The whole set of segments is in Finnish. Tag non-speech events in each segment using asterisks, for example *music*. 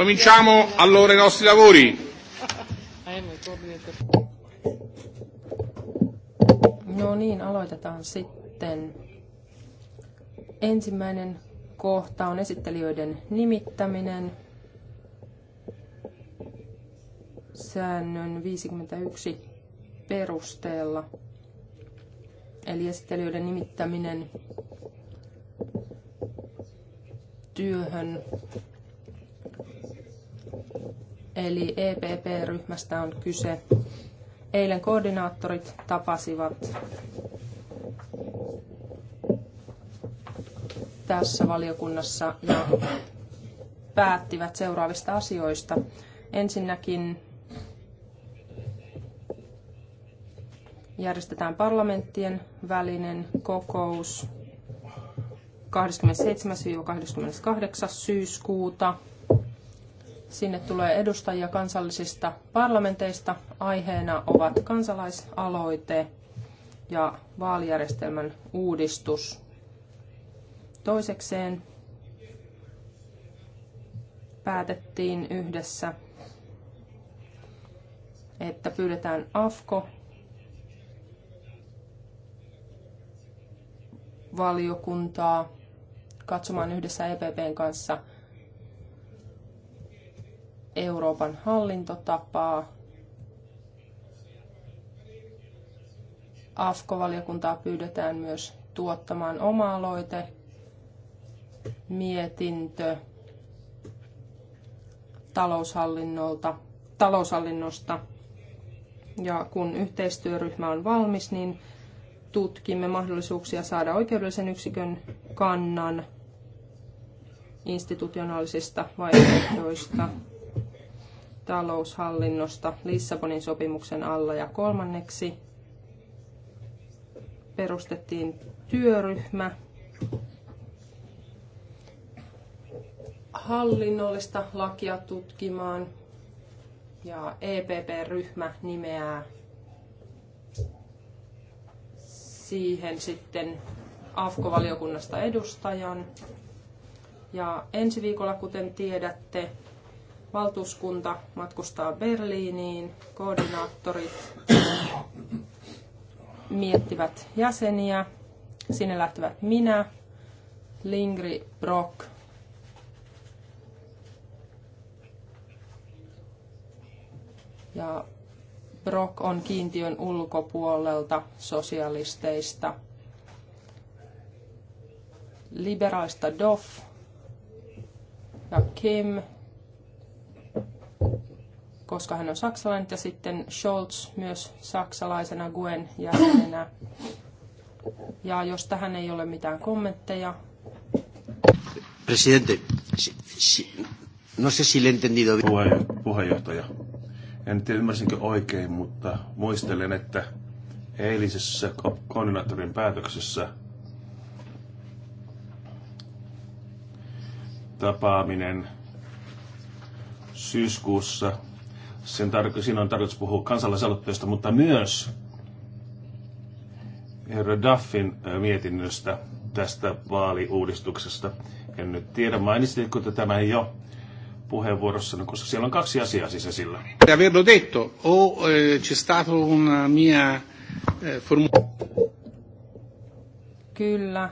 Cominciamo allora i nostri lavori. No niin, aloitetaan sitten. Ensimmäinen kohta on esittelijöiden nimittäminen. Säännön 51 perusteella. Eli esittelijöiden nimittäminen työhön eli EPP-ryhmästä on kyse. Eilen koordinaattorit tapasivat tässä valiokunnassa ja päättivät seuraavista asioista. Ensinnäkin järjestetään parlamenttien välinen kokous 27-28. syyskuuta Sinne tulee edustajia kansallisista parlamenteista. Aiheena ovat kansalaisaloite ja vaalijärjestelmän uudistus. Toisekseen päätettiin yhdessä, että pyydetään AFKO valiokuntaa katsomaan yhdessä EPPn kanssa – Euroopan hallintotapaa. AFKO-valiokuntaa pyydetään myös tuottamaan oma aloite, mietintö taloushallinnolta, taloushallinnosta. Ja kun yhteistyöryhmä on valmis, niin tutkimme mahdollisuuksia saada oikeudellisen yksikön kannan institutionaalisista vaihtoehdoista taloushallinnosta Lissabonin sopimuksen alla ja kolmanneksi perustettiin työryhmä hallinnollista lakia tutkimaan ja EPP-ryhmä nimeää siihen sitten AFKO-valiokunnasta edustajan. Ja ensi viikolla, kuten tiedätte, Valtuuskunta matkustaa Berliiniin, koordinaattorit miettivät jäseniä, sinne lähtevät minä, Lingri, Brock, ja Brock on kiintiön ulkopuolelta sosialisteista. Liberaalista Doff ja Kim koska hän on saksalainen, ja sitten Scholz myös saksalaisena Guen jäsenenä. Ja jos tähän ei ole mitään kommentteja. Presidente, si, si, no se si le entendido. Puheenjohtaja, en tiedä ymmärsinkö oikein, mutta muistelen, että eilisessä koordinaattorin päätöksessä tapaaminen syyskuussa sen tar- siinä on tarkoitus puhua kansalaisaloitteesta, mutta myös herra Duffin mietinnöstä tästä vaaliuudistuksesta. En nyt tiedä, mainitsitko te tämän jo puheenvuorossanne, koska siellä on kaksi asiaa siis esillä. Averlo detto, o eh, c'è stato una mia eh, Kyllä,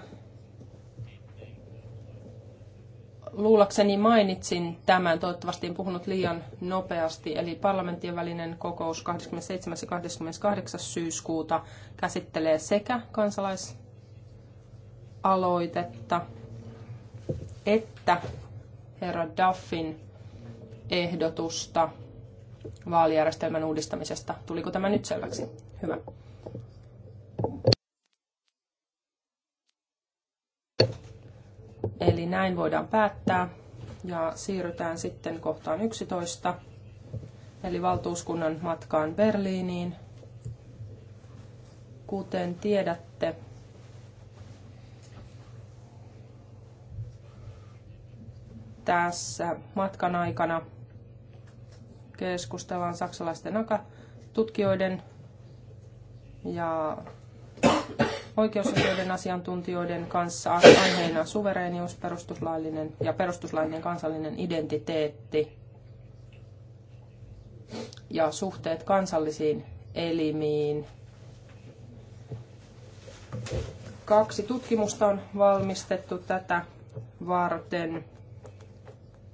luulakseni mainitsin tämän, toivottavasti en puhunut liian nopeasti, eli parlamenttien välinen kokous 27. ja 28. syyskuuta käsittelee sekä kansalaisaloitetta että herra Duffin ehdotusta vaalijärjestelmän uudistamisesta. Tuliko tämä nyt selväksi? Hyvä. Eli näin voidaan päättää ja siirrytään sitten kohtaan 11, eli valtuuskunnan matkaan Berliiniin. Kuten tiedätte, tässä matkan aikana keskustellaan saksalaisten tutkijoiden ja oikeusasioiden asiantuntijoiden kanssa aiheina suvereenius, perustuslaillinen ja perustuslaillinen kansallinen identiteetti ja suhteet kansallisiin elimiin. Kaksi tutkimusta on valmistettu tätä varten.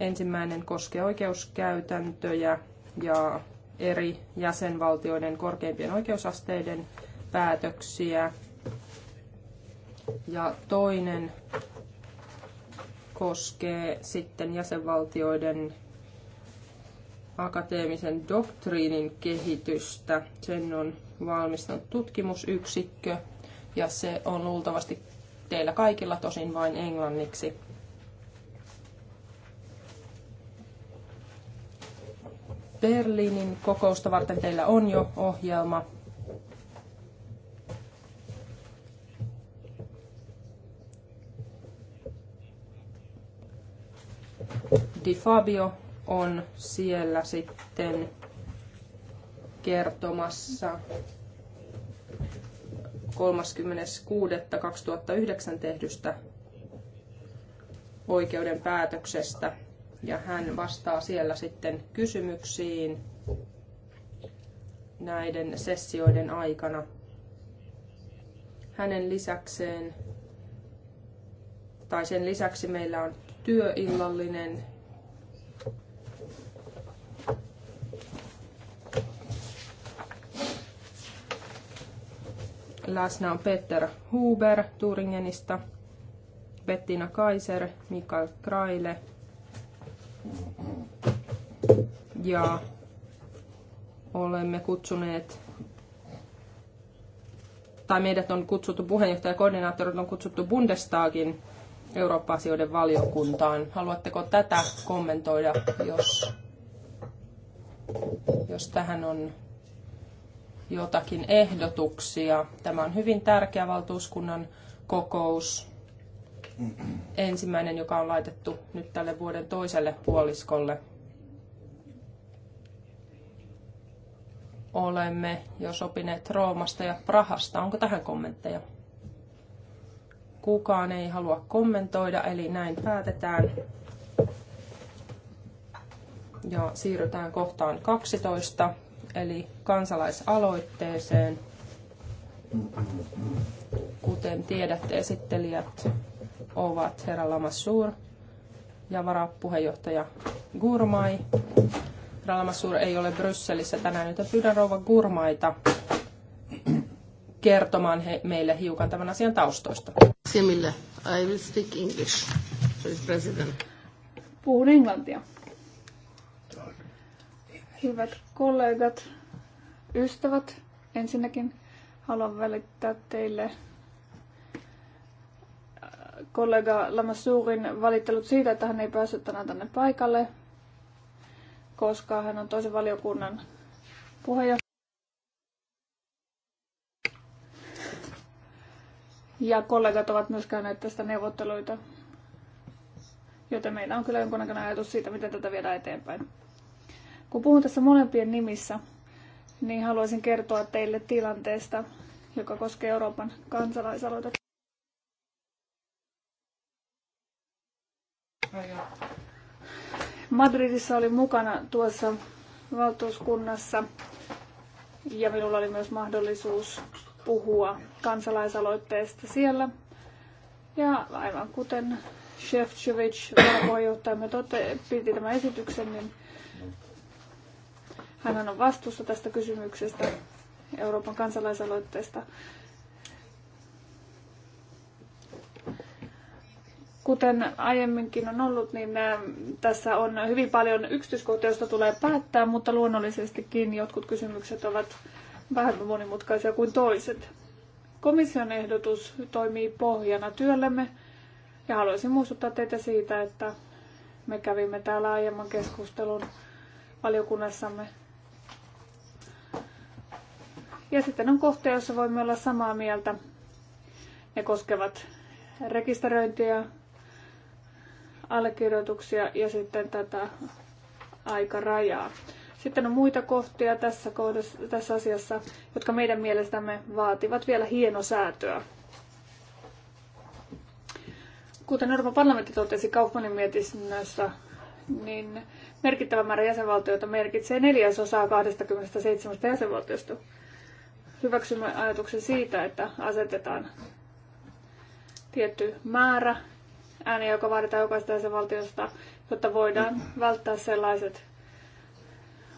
Ensimmäinen koskee oikeuskäytäntöjä ja eri jäsenvaltioiden korkeimpien oikeusasteiden päätöksiä. Ja toinen koskee sitten jäsenvaltioiden akateemisen doktriinin kehitystä. Sen on valmistanut tutkimusyksikkö ja se on luultavasti teillä kaikilla tosin vain englanniksi. Berliinin kokousta varten teillä on jo ohjelma Di Fabio on siellä sitten kertomassa 36.2009 tehdystä oikeuden päätöksestä ja hän vastaa siellä sitten kysymyksiin näiden sessioiden aikana. Hänen lisäkseen tai sen lisäksi meillä on työillallinen Läsnä on Peter Huber Turingenista, Bettina Kaiser, Mikael Kraile ja olemme kutsuneet tai meidät on kutsuttu puheenjohtaja on kutsuttu Bundestagin Eurooppa-asioiden valiokuntaan. Haluatteko tätä kommentoida, jos, jos tähän on jotakin ehdotuksia. Tämä on hyvin tärkeä valtuuskunnan kokous, ensimmäinen, joka on laitettu nyt tälle vuoden toiselle puoliskolle. Olemme jo sopineet Roomasta ja Prahasta. Onko tähän kommentteja? Kukaan ei halua kommentoida, eli näin päätetään. Ja siirrytään kohtaan 12 eli kansalaisaloitteeseen. Kuten tiedätte, esittelijät ovat herra Lamassur ja varapuheenjohtaja Gurmai. Herra Lamassur ei ole Brysselissä tänään, joten pyydän rouva Gurmaita kertomaan he, meille hiukan tämän asian taustoista. Simille, I will speak English, president. Puhun englantia. Hyvät kollegat, ystävät, ensinnäkin haluan välittää teille äh, kollega Lamassuurin valittelut siitä, että hän ei päässyt tänään tänne paikalle, koska hän on toisen valiokunnan puheenjohtaja. Ja kollegat ovat myös käyneet tästä neuvotteluita, joten meillä on kyllä jonkunnäköinen ajatus siitä, miten tätä viedään eteenpäin. Kun puhun tässä molempien nimissä, niin haluaisin kertoa teille tilanteesta, joka koskee Euroopan kansalaisaloitetta. Madridissa oli mukana tuossa valtuuskunnassa ja minulla oli myös mahdollisuus puhua kansalaisaloitteesta siellä. Ja aivan kuten Shevchevich, varapuheenjohtajamme, piti tämän esityksen, niin hän on vastuussa tästä kysymyksestä Euroopan kansalaisaloitteesta. Kuten aiemminkin on ollut, niin tässä on hyvin paljon yksityiskohtia, joista tulee päättää, mutta luonnollisestikin jotkut kysymykset ovat vähän monimutkaisia kuin toiset. Komission ehdotus toimii pohjana työllemme ja haluaisin muistuttaa teitä siitä, että me kävimme täällä aiemman keskustelun valiokunnassamme ja sitten on kohtia, joissa voimme olla samaa mieltä. Ne koskevat rekisteröintiä, allekirjoituksia ja sitten tätä aikarajaa. Sitten on muita kohtia tässä, kohdassa, tässä asiassa, jotka meidän mielestämme vaativat vielä hienosäätöä. Kuten Euroopan parlamentti totesi Kaufmanin mietinnössä, niin merkittävä määrä jäsenvaltioita merkitsee neljäsosaa 27 jäsenvaltiosta. Hyväksymme ajatuksen siitä, että asetetaan tietty määrä ääniä, joka vaaditaan jokaisesta jäsenvaltiosta, jotta voidaan välttää sellaiset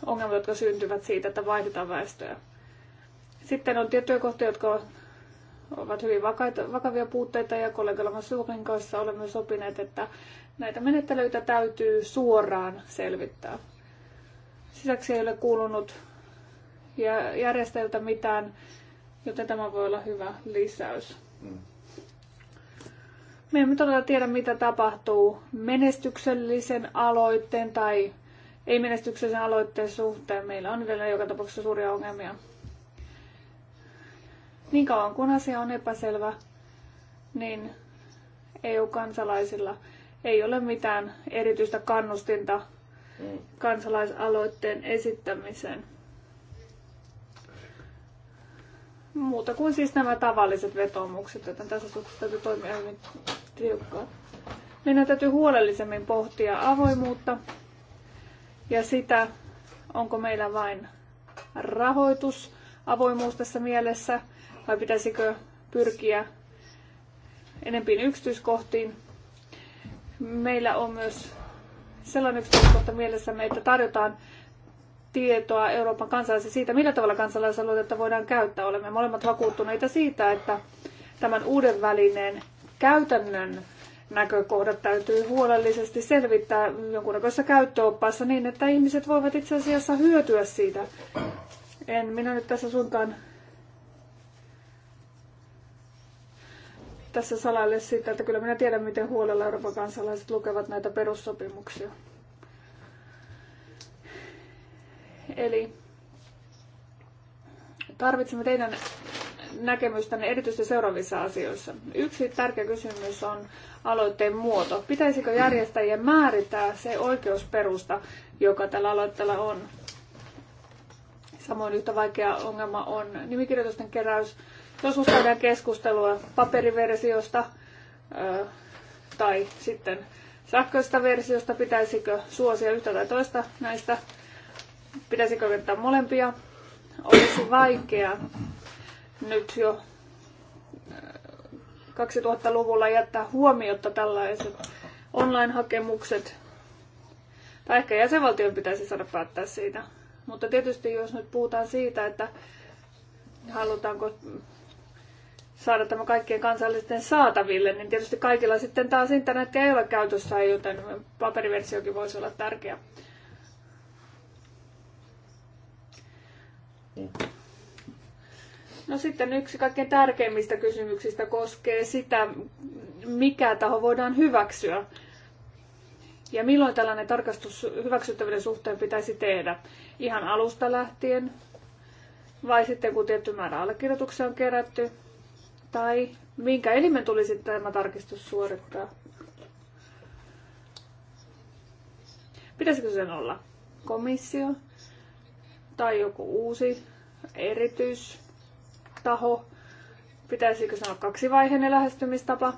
ongelmat, jotka syntyvät siitä, että vaihdetaan väestöä. Sitten on tiettyjä kohtia, jotka ovat hyvin vakaita, vakavia puutteita ja kollegalla Suurin kanssa olemme sopineet, että näitä menettelyitä täytyy suoraan selvittää. Lisäksi ei ole kuulunut ja järjestäjiltä mitään, joten tämä voi olla hyvä lisäys. Mm. Me emme todella tiedä, mitä tapahtuu menestyksellisen aloitteen tai ei-menestyksellisen aloitteen suhteen. Meillä on vielä joka tapauksessa suuria ongelmia. Niin kauan kun asia on epäselvä, niin EU-kansalaisilla ei ole mitään erityistä kannustinta mm. kansalaisaloitteen esittämiseen. Muuta kuin siis nämä tavalliset vetomukset, että tässä suhteessa täytyy toimia hyvin tiukkaan. Meidän täytyy huolellisemmin pohtia avoimuutta ja sitä, onko meillä vain rahoitus avoimuus tässä mielessä vai pitäisikö pyrkiä enempiin yksityiskohtiin. Meillä on myös sellainen yksityiskohta mielessämme, että tarjotaan tietoa Euroopan kansalaisille siitä, millä tavalla kansalaisaloitetta voidaan käyttää. Olemme molemmat vakuuttuneita siitä, että tämän uuden välineen käytännön näkökohdat täytyy huolellisesti selvittää jonkunnäköisessä käyttöoppaassa niin, että ihmiset voivat itse asiassa hyötyä siitä. En minä nyt tässä suinkaan tässä salaille sitä, että kyllä minä tiedän, miten huolella Euroopan kansalaiset lukevat näitä perussopimuksia. Eli tarvitsemme teidän näkemystänne erityisesti seuraavissa asioissa. Yksi tärkeä kysymys on aloitteen muoto. Pitäisikö järjestäjien määrittää se oikeusperusta, joka tällä aloitteella on? Samoin yhtä vaikea ongelma on nimikirjoitusten keräys. Jos käydään keskustelua paperiversiosta tai sitten sähköistä versiosta, pitäisikö suosia yhtä tai toista näistä Pitäisikö kokeilla molempia? Olisi vaikea nyt jo 2000-luvulla äh, jättää huomiota tällaiset online-hakemukset. Tai ehkä jäsenvaltion pitäisi saada päättää siitä. Mutta tietysti jos nyt puhutaan siitä, että halutaanko saada tämä kaikkien kansallisten saataville, niin tietysti kaikilla sitten taas internet ei ole käytössä, joten paperiversiokin voisi olla tärkeä. No sitten yksi kaikkein tärkeimmistä kysymyksistä koskee sitä, mikä taho voidaan hyväksyä. Ja milloin tällainen tarkastus hyväksyttävyyden suhteen pitäisi tehdä? Ihan alusta lähtien? Vai sitten kun tietty määrä allekirjoituksia on kerätty? Tai minkä elimen tulisi tämä tarkistus suorittaa? Pitäisikö sen olla komissio tai joku uusi erityistaho. Pitäisikö sanoa kaksivaiheinen lähestymistapa?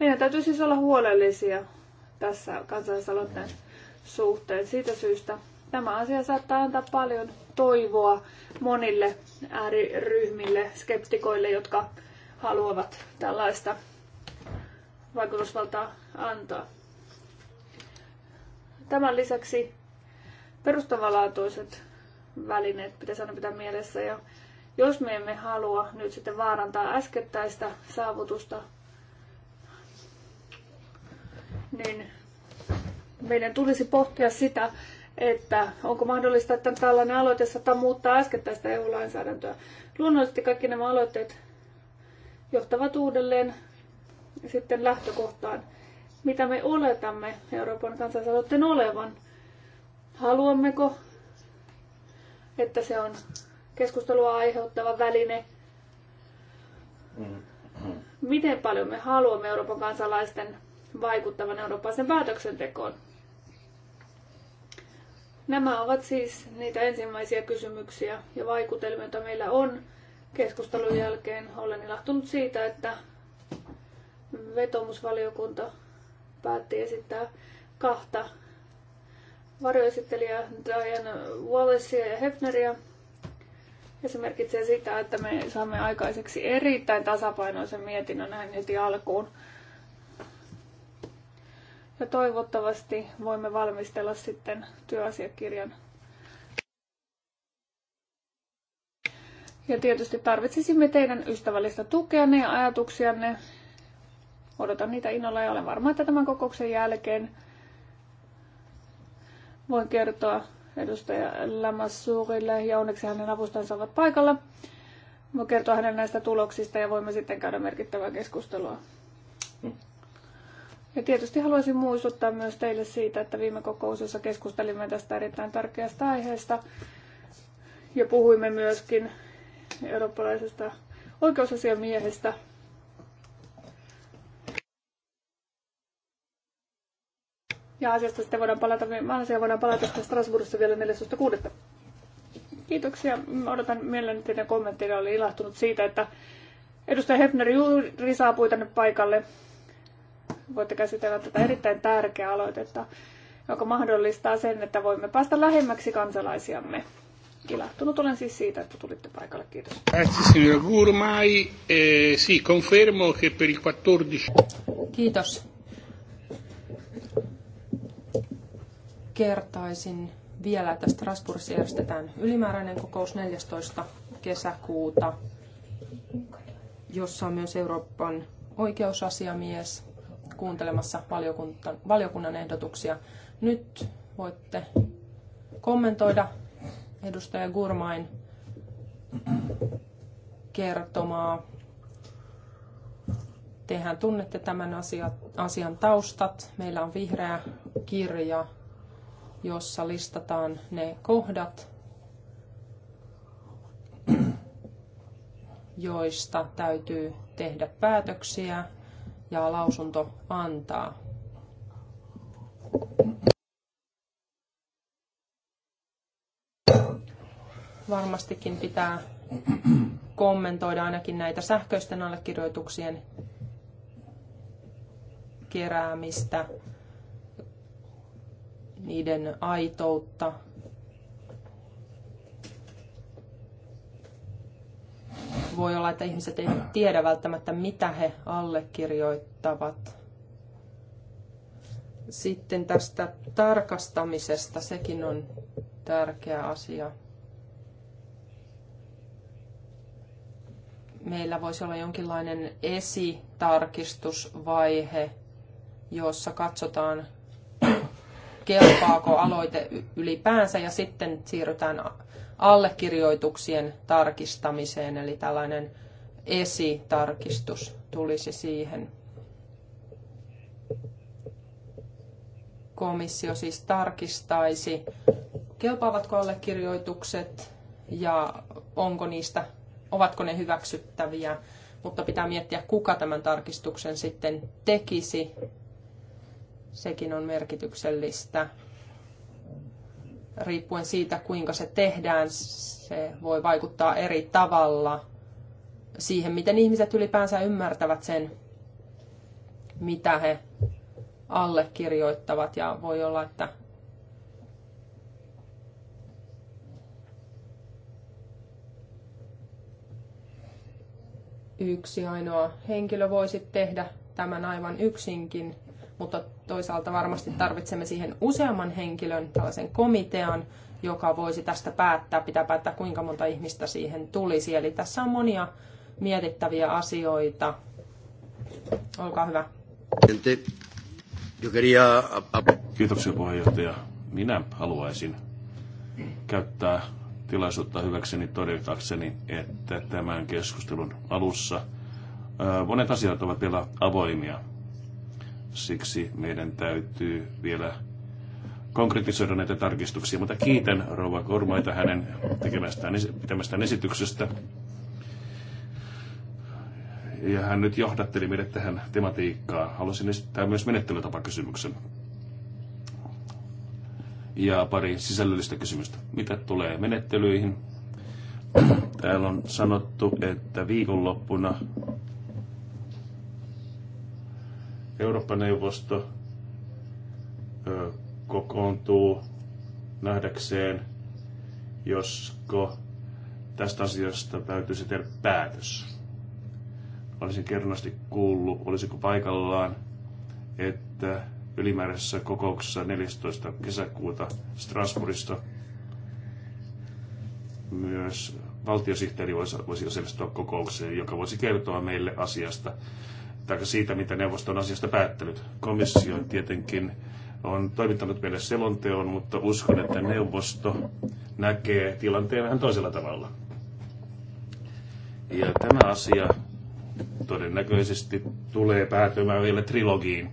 Meidän täytyy siis olla huolellisia tässä kansalaisaloitteen suhteen. Siitä syystä tämä asia saattaa antaa paljon toivoa monille ääriryhmille, skeptikoille, jotka haluavat tällaista vaikutusvaltaa antaa. Tämän lisäksi perustavanlaatuiset välineet pitäisi aina pitää mielessä. Ja jos me emme halua nyt sitten vaarantaa äskettäistä saavutusta, niin meidän tulisi pohtia sitä, että onko mahdollista, että tällainen aloite saattaa muuttaa äskettäistä EU-lainsäädäntöä. Luonnollisesti kaikki nämä aloitteet johtavat uudelleen sitten lähtökohtaan, mitä me oletamme Euroopan kansalaisaloitteen olevan. Haluammeko että se on keskustelua aiheuttava väline. Miten paljon me haluamme Euroopan kansalaisten vaikuttavan eurooppalaisen päätöksentekoon? Nämä ovat siis niitä ensimmäisiä kysymyksiä ja vaikutelmia, joita meillä on keskustelun jälkeen. Olen ilahtunut siitä, että vetomusvaliokunta päätti esittää kahta varjoesittelijä Diane Wallacea ja Hefneria. Ja se merkitsee sitä, että me saamme aikaiseksi erittäin tasapainoisen mietinnön näin heti alkuun. Ja toivottavasti voimme valmistella sitten työasiakirjan. Ja tietysti tarvitsisimme teidän ystävällistä tukeanne ja ajatuksianne. Odotan niitä innolla ja olen varma, että tämän kokouksen jälkeen Voin kertoa edustaja Lamassuurille ja onneksi hänen avustansa ovat paikalla. Voin kertoa hänen näistä tuloksista ja voimme sitten käydä merkittävää keskustelua. Ja tietysti haluaisin muistuttaa myös teille siitä, että viime kokouksessa keskustelimme tästä erittäin tärkeästä aiheesta ja puhuimme myöskin eurooppalaisesta oikeusasiamiehestä, Ja asiasta sitten voidaan palata, asiaan niin voidaan palata sitten Strasbourgissa vielä 14.6. Kiitoksia. Odotan mielelläni teidän kommentteja. Olin ilahtunut siitä, että edustaja Hefner juuri saapui tänne paikalle. Voitte käsitellä tätä erittäin tärkeää aloitetta, joka mahdollistaa sen, että voimme päästä lähemmäksi kansalaisiamme. Ilahtunut olen siis siitä, että tulitte paikalle. Kiitos. Grazie Gurmai. Eh, sì, confermo che per il 14... Kiitos. kertaisin vielä, tästä Strasbourgissa järjestetään ylimääräinen kokous 14. kesäkuuta, jossa on myös Euroopan oikeusasiamies kuuntelemassa valiokunnan ehdotuksia. Nyt voitte kommentoida edustaja Gurmain kertomaa. Tehän tunnette tämän asian taustat. Meillä on vihreä kirja jossa listataan ne kohdat, joista täytyy tehdä päätöksiä ja lausunto antaa. Varmastikin pitää kommentoida ainakin näitä sähköisten allekirjoituksien keräämistä niiden aitoutta. Voi olla, että ihmiset eivät tiedä välttämättä, mitä he allekirjoittavat. Sitten tästä tarkastamisesta, sekin on tärkeä asia. Meillä voisi olla jonkinlainen esitarkistusvaihe, jossa katsotaan kelpaako aloite ylipäänsä ja sitten siirrytään allekirjoituksien tarkistamiseen, eli tällainen esitarkistus tulisi siihen. Komissio siis tarkistaisi, kelpaavatko allekirjoitukset ja onko niistä, ovatko ne hyväksyttäviä, mutta pitää miettiä, kuka tämän tarkistuksen sitten tekisi Sekin on merkityksellistä. Riippuen siitä, kuinka se tehdään, se voi vaikuttaa eri tavalla siihen, miten ihmiset ylipäänsä ymmärtävät sen, mitä he allekirjoittavat. Ja voi olla, että yksi ainoa henkilö voisi tehdä tämän aivan yksinkin mutta toisaalta varmasti tarvitsemme siihen useamman henkilön, tällaisen komitean, joka voisi tästä päättää, pitää päättää kuinka monta ihmistä siihen tulisi. Eli tässä on monia mietittäviä asioita. Olkaa hyvä. Kiitoksia puheenjohtaja. Minä haluaisin käyttää tilaisuutta hyväkseni todetakseni, että tämän keskustelun alussa monet asiat ovat vielä avoimia. Siksi meidän täytyy vielä konkretisoida näitä tarkistuksia, mutta kiitän Rova Kormaita hänen tekemästään, pitämästään esityksestä. Ja hän nyt johdatteli meidät tähän tematiikkaan. Haluaisin esittää myös menettelytapakysymyksen ja pari sisällöllistä kysymystä. Mitä tulee menettelyihin? Täällä on sanottu, että viikonloppuna Eurooppa-neuvosto kokoontuu nähdäkseen, josko tästä asiasta täytyisi tehdä päätös. Olisin kernosti kuullut, olisiko paikallaan, että ylimääräisessä kokouksessa 14. kesäkuuta Strasbourgista myös valtiosihteeri voisi, voisi osallistua kokoukseen, joka voisi kertoa meille asiasta tai siitä, mitä neuvosto on asiasta päättänyt. Komissio tietenkin on toimittanut meille selonteon, mutta uskon, että neuvosto näkee tilanteen vähän toisella tavalla. Ja tämä asia todennäköisesti tulee päätymään vielä trilogiin.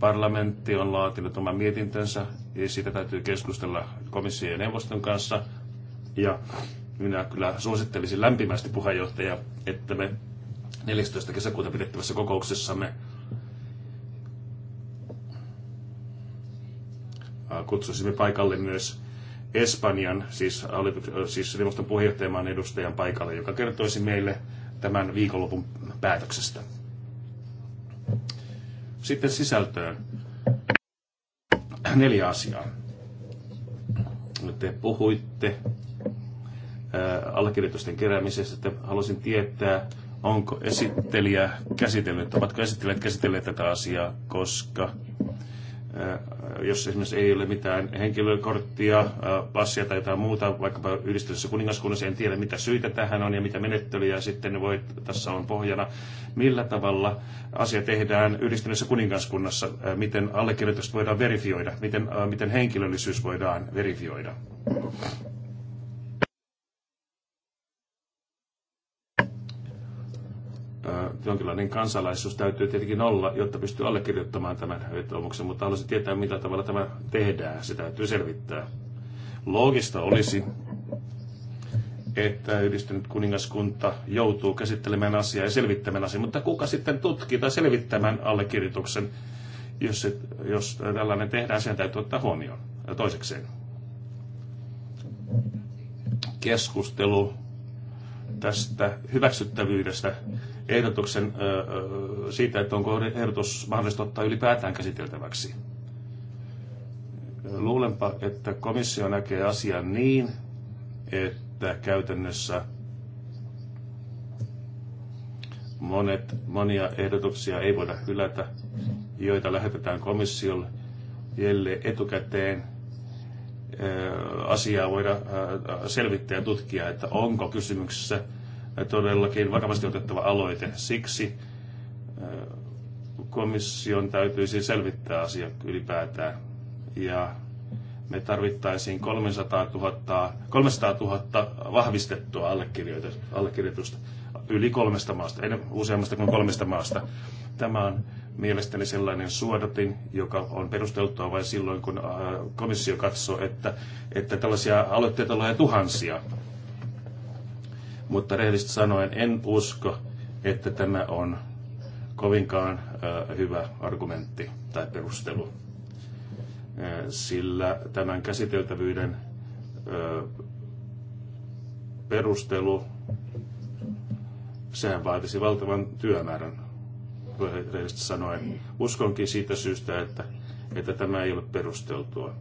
Parlamentti on laatinut oman mietintönsä ja siitä täytyy keskustella komission ja neuvoston kanssa. Ja minä kyllä suosittelisin lämpimästi puheenjohtaja, että me 14. kesäkuuta pidettävässä kokouksessamme äh, kutsusimme paikalle myös Espanjan, siis, äh, siis neuvoston puheenjohtajamaan edustajan paikalle, joka kertoisi meille tämän viikonlopun päätöksestä. Sitten sisältöön. *clears throat* Neljä asiaa. Te puhuitte äh, allekirjoitusten keräämisestä, että haluaisin tietää, onko esittelijä käsitellyt, ovatko esittelijät käsitelleet tätä asiaa, koska äh, jos esimerkiksi ei ole mitään henkilökorttia, äh, passia tai jotain muuta, vaikkapa yhdistyksessä kuningaskunnassa, en tiedä mitä syitä tähän on ja mitä menettelyjä sitten voi, tässä on pohjana, millä tavalla asia tehdään yhdistyneessä kuningaskunnassa, äh, miten allekirjoitukset voidaan verifioida, miten, miten henkilöllisyys voidaan verifioida. jonkinlainen kansalaisuus täytyy tietenkin olla, jotta pystyy allekirjoittamaan tämän vetoomuksen, mutta haluaisin tietää, millä tavalla tämä tehdään. Se täytyy selvittää. Loogista olisi, että yhdistynyt kuningaskunta joutuu käsittelemään asiaa ja selvittämään asiaa, mutta kuka sitten tutkii tai selvittämään allekirjoituksen, jos, se, jos tällainen tehdään, sen täytyy ottaa huomioon. Ja toisekseen, keskustelu tästä hyväksyttävyydestä ehdotuksen siitä, että onko ehdotus mahdollista ottaa ylipäätään käsiteltäväksi. Luulenpa, että komissio näkee asian niin, että käytännössä monet, monia ehdotuksia ei voida hylätä, joita lähetetään komissiolle, jelle etukäteen asiaa voida selvittää ja tutkia, että onko kysymyksessä todellakin vakavasti otettava aloite. Siksi äh, komission täytyisi selvittää asia ylipäätään. Ja me tarvittaisiin 300 000, 300 000 vahvistettua allekirjoitusta yli kolmesta maasta, ei useammasta kuin kolmesta maasta. Tämä on mielestäni sellainen suodatin, joka on perusteltua vain silloin, kun äh, komissio katsoo, että, että tällaisia aloitteita tulee tuhansia. Mutta rehellisesti sanoen en usko, että tämä on kovinkaan hyvä argumentti tai perustelu, sillä tämän käsiteltävyyden perustelu, sehän vaatisi valtavan työmäärän, rehellisesti sanoen. Uskonkin siitä syystä, että, että tämä ei ole perusteltua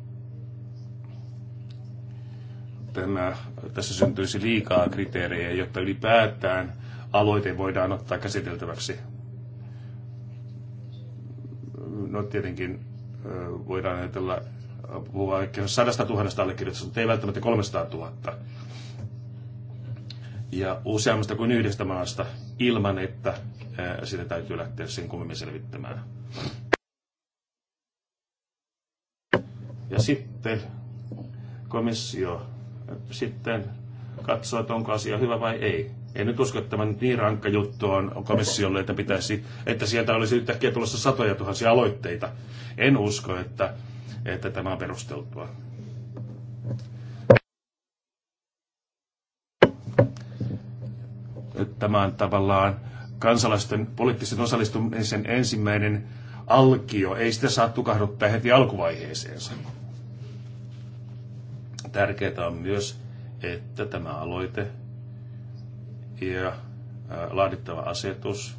tämä, äh, tässä syntyisi liikaa kriteerejä, jotta ylipäätään aloite voidaan ottaa käsiteltäväksi. No tietenkin äh, voidaan ajatella äh, puhua ehkä sadasta tuhannesta allekirjoitusta, mutta ei välttämättä 300 000. Ja useammasta kuin yhdestä maasta ilman, että sitä täytyy lähteä sen kummemmin selvittämään. Ja sitten komissio sitten katsoa, että onko asia hyvä vai ei. En nyt usko, että tämä nyt niin rankka juttu on komissiolle, että, pitäisi, että sieltä olisi yhtäkkiä tulossa satoja tuhansia aloitteita. En usko, että, että tämä on perusteltua. Tämä on tavallaan kansalaisten poliittisen osallistumisen ensimmäinen alkio. Ei sitä saa tukahduttaa heti alkuvaiheeseensa. Tärkeää on myös, että tämä aloite ja laadittava asetus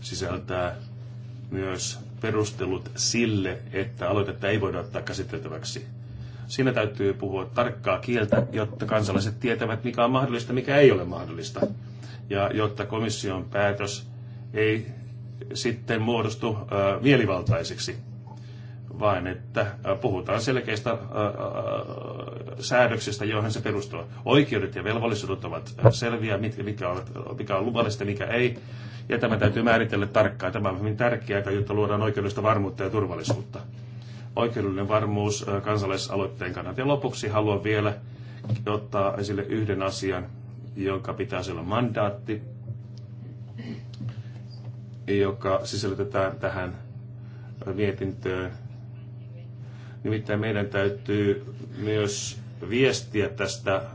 sisältää myös perustelut sille, että aloitetta ei voida ottaa käsiteltäväksi. Siinä täytyy puhua tarkkaa kieltä, jotta kansalaiset tietävät, mikä on mahdollista, mikä ei ole mahdollista. Ja jotta komission päätös ei sitten muodostu ö, mielivaltaiseksi vaan että puhutaan selkeistä säädöksistä, joihin se perustuu. Oikeudet ja velvollisuudet ovat selviä, mikä on, mikä on luvallista, mikä ei. Ja tämä täytyy määritellä tarkkaan. Tämä on hyvin tärkeää, jotta luodaan oikeudellista varmuutta ja turvallisuutta. Oikeudellinen varmuus kansalaisaloitteen kannalta. Ja lopuksi haluan vielä ottaa esille yhden asian, jonka pitää olla mandaatti, joka sisällytetään tähän mietintöön Nimittäin meidän täytyy myös viestiä tästä äh,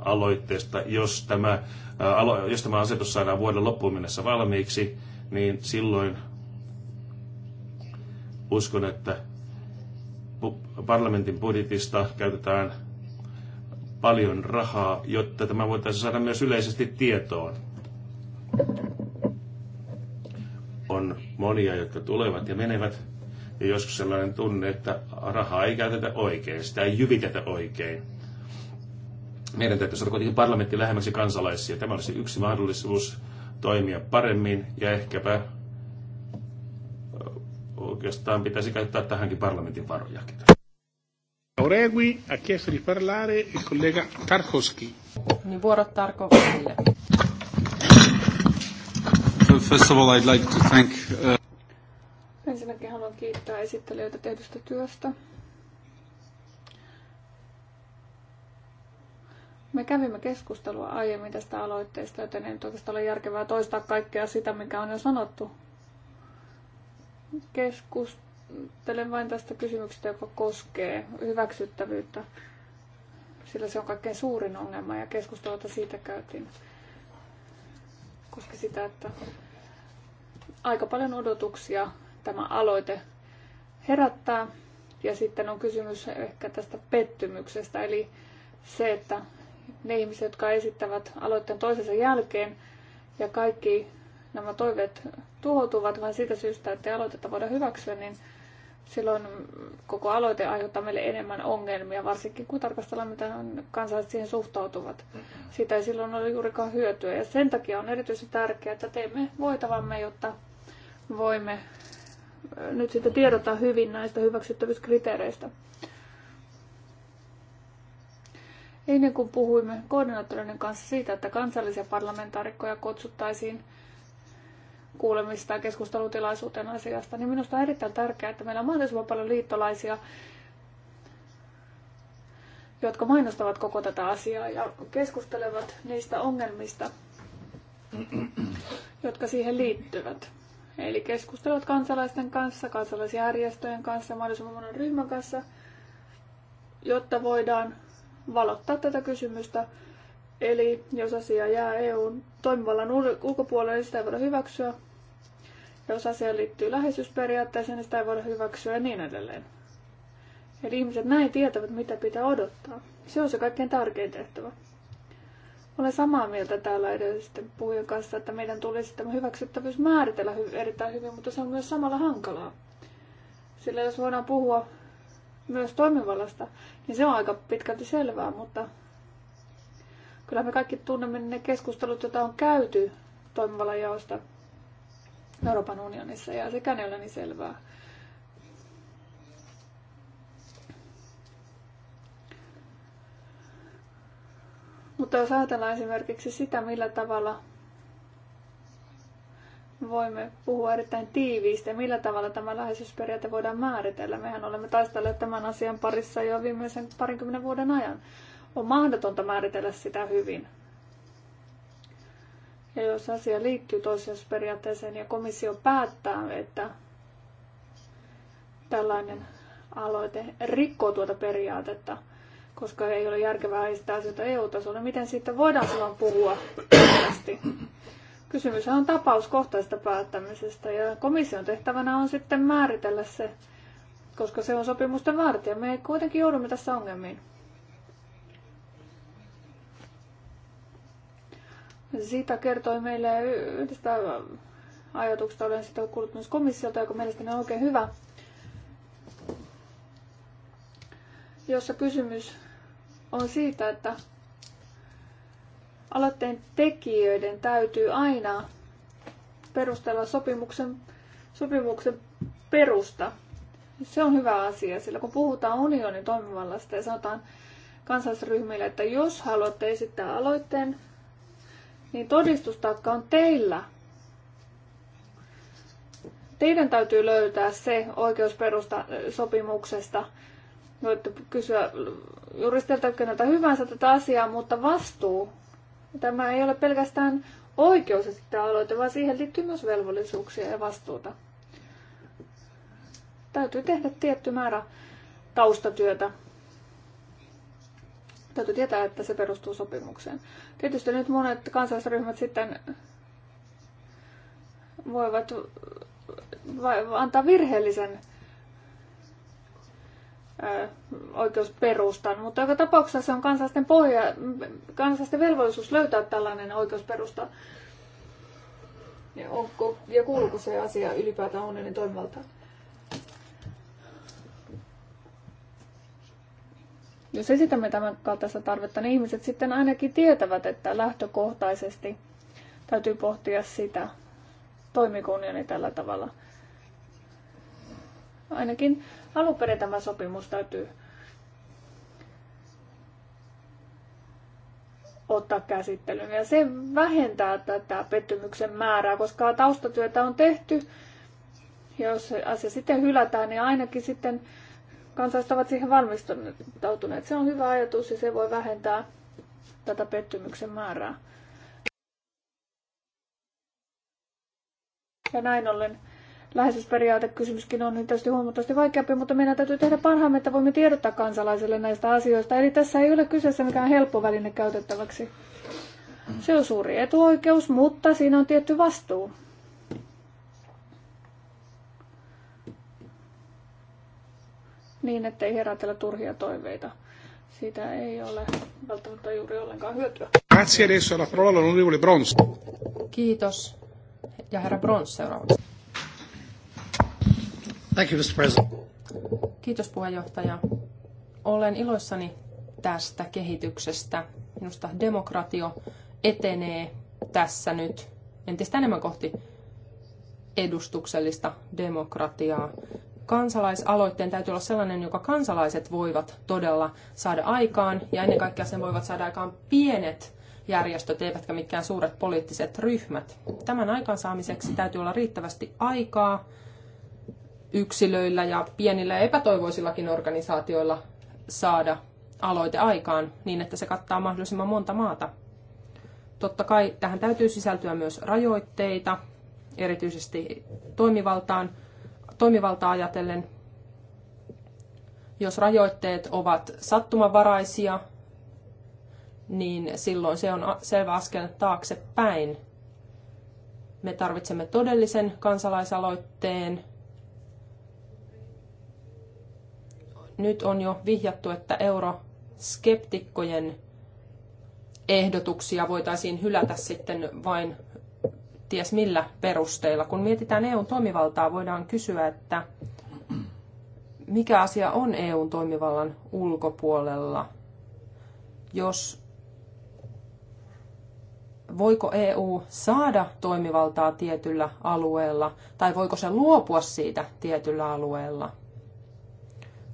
aloitteesta, jos tämä, äh, jos tämä asetus saadaan vuoden loppuun mennessä valmiiksi, niin silloin uskon, että parlamentin budjetista käytetään paljon rahaa, jotta tämä voitaisiin saada myös yleisesti tietoon. On monia, jotka tulevat ja menevät ja joskus sellainen tunne, että rahaa ei käytetä oikein, sitä ei jyvitetä oikein. Meidän täytyy saada kuitenkin parlamentti lähemmäksi kansalaisia. Tämä olisi yksi mahdollisuus toimia paremmin ja ehkäpä oikeastaan pitäisi käyttää tähänkin parlamentin varoja. Oregui ha chiesto di parlare il collega Tarkovski. Mi niin, vuoro Tarkovskille. First of all, I'd like to thank uh... Ensinnäkin haluan kiittää esittelijöitä tehdystä työstä. Me kävimme keskustelua aiemmin tästä aloitteesta, joten ei nyt oikeastaan ole järkevää toistaa kaikkea sitä, mikä on jo sanottu. Keskustelen vain tästä kysymyksestä, joka koskee hyväksyttävyyttä, sillä se on kaikkein suurin ongelma ja keskustelua siitä käytiin. Koska sitä, että aika paljon odotuksia tämä aloite herättää. Ja sitten on kysymys ehkä tästä pettymyksestä, eli se, että ne ihmiset, jotka esittävät aloitteen toisensa jälkeen ja kaikki nämä toiveet tuhoutuvat vain siitä syystä, että aloitetta voida hyväksyä, niin silloin koko aloite aiheuttaa meille enemmän ongelmia, varsinkin kun tarkastellaan, mitä kansalaiset siihen suhtautuvat. Siitä ei silloin ole juurikaan hyötyä ja sen takia on erityisen tärkeää, että teemme voitavamme, jotta voimme nyt sitten tiedota hyvin näistä hyväksyttävistä kriteereistä. Ennen kuin puhuimme koordinaattorin kanssa siitä, että kansallisia parlamentaarikkoja kutsuttaisiin kuulemista ja keskustelutilaisuuteen asiasta, niin minusta on erittäin tärkeää, että meillä on mahdollisimman paljon liittolaisia, jotka mainostavat koko tätä asiaa ja keskustelevat niistä ongelmista, jotka siihen liittyvät. Eli keskustelut kansalaisten kanssa, kansalaisjärjestöjen kanssa, mahdollisimman monen ryhmän kanssa, jotta voidaan valottaa tätä kysymystä. Eli jos asia jää EUn toimivallan ulkopuolelle, niin sitä ei voida hyväksyä. Jos asia liittyy läheisyysperiaatteeseen, niin sitä ei voida hyväksyä ja niin edelleen. Eli ihmiset näin tietävät, mitä pitää odottaa. Se on se kaikkein tärkein tehtävä. Olen samaa mieltä täällä edellisten puhujan kanssa, että meidän tulisi tämä hyväksyttävyys määritellä erittäin hyvin, mutta se on myös samalla hankalaa. Sillä jos voidaan puhua myös toimivallasta, niin se on aika pitkälti selvää, mutta kyllä me kaikki tunnemme ne keskustelut, joita on käyty toimivallan jaosta Euroopan unionissa, ja sekään ei ole niin selvää. Mutta jos ajatellaan esimerkiksi sitä, millä tavalla voimme puhua erittäin tiiviisti ja millä tavalla tämä läheisyysperiaate voidaan määritellä. Mehän olemme taistelleet tämän asian parissa jo viimeisen parinkymmenen vuoden ajan. On mahdotonta määritellä sitä hyvin. Ja jos asia liittyy toisiosperiaatteeseen ja komissio päättää, että tällainen aloite rikkoo tuota periaatetta – koska ei ole järkevää estää asioita EU-tasolla. Niin miten siitä voidaan silloin puhua Kysymys on tapauskohtaista päättämisestä ja komission tehtävänä on sitten määritellä se, koska se on sopimusten vartija. Me kuitenkin joudumme tässä ongelmiin. Siitä kertoi meille yhdestä ajatuksesta, olen sitä kuullut myös komissiolta, joka mielestäni on oikein hyvä. jossa kysymys on siitä, että aloitteen tekijöiden täytyy aina perustella sopimuksen, sopimuksen perusta. Se on hyvä asia, sillä kun puhutaan unionin toimivallasta ja sanotaan kansallisryhmille, että jos haluatte esittää aloitteen, niin todistustaakka on teillä. Teidän täytyy löytää se oikeusperusta sopimuksesta, voitte kysyä juristilta keneltä hyvänsä tätä asiaa, mutta vastuu, tämä ei ole pelkästään oikeus esittää aloite, vaan siihen liittyy myös velvollisuuksia ja vastuuta. Täytyy tehdä tietty määrä taustatyötä. Täytyy tietää, että se perustuu sopimukseen. Tietysti nyt monet kansalaisryhmät sitten voivat antaa virheellisen oikeusperustan, mutta joka tapauksessa se on kansalaisten, pohja, kansalaisten velvollisuus löytää tällainen oikeusperusta. Ja, onko, ja kuuluuko se asia ylipäätään unionin toimivalta? jos esitämme tämän kaltaista tarvetta, niin ihmiset sitten ainakin tietävät, että lähtökohtaisesti täytyy pohtia sitä, toimiko unioni tällä tavalla. Ainakin alun perin tämä sopimus täytyy ottaa käsittelyyn. Ja se vähentää tätä pettymyksen määrää, koska taustatyötä on tehty. Ja jos asia sitten hylätään, niin ainakin sitten kansalaiset ovat siihen valmistautuneet. Se on hyvä ajatus ja se voi vähentää tätä pettymyksen määrää. Ja näin ollen läheisyysperiaatekysymyskin on niin tietysti huomattavasti vaikeampi, mutta meidän täytyy tehdä parhaamme, että voimme tiedottaa kansalaisille näistä asioista. Eli tässä ei ole kyseessä mikään helppo väline käytettäväksi. Se on suuri etuoikeus, mutta siinä on tietty vastuu. Niin, ettei herätellä turhia toiveita. Siitä ei ole välttämättä juuri ollenkaan hyötyä. Grazie adesso alla parola l'onorevole Brons. Kiitos. Ja herra Brons seuraavaksi. Thank you, Mr. President. Kiitos puheenjohtaja. Olen iloissani tästä kehityksestä. Minusta demokratio etenee tässä nyt entistä enemmän kohti edustuksellista demokratiaa. Kansalaisaloitteen täytyy olla sellainen, joka kansalaiset voivat todella saada aikaan, ja ennen kaikkea sen voivat saada aikaan pienet järjestöt, eivätkä mitkään suuret poliittiset ryhmät. Tämän aikaansaamiseksi täytyy olla riittävästi aikaa, yksilöillä ja pienillä ja epätoivoisillakin organisaatioilla saada aloite aikaan niin, että se kattaa mahdollisimman monta maata. Totta kai tähän täytyy sisältyä myös rajoitteita, erityisesti toimivaltaan, toimivaltaa ajatellen. Jos rajoitteet ovat sattumanvaraisia, niin silloin se on selvä askel taaksepäin. Me tarvitsemme todellisen kansalaisaloitteen, nyt on jo vihjattu, että euroskeptikkojen ehdotuksia voitaisiin hylätä sitten vain ties millä perusteilla. Kun mietitään EUn toimivaltaa, voidaan kysyä, että mikä asia on EUn toimivallan ulkopuolella, jos voiko EU saada toimivaltaa tietyllä alueella tai voiko se luopua siitä tietyllä alueella –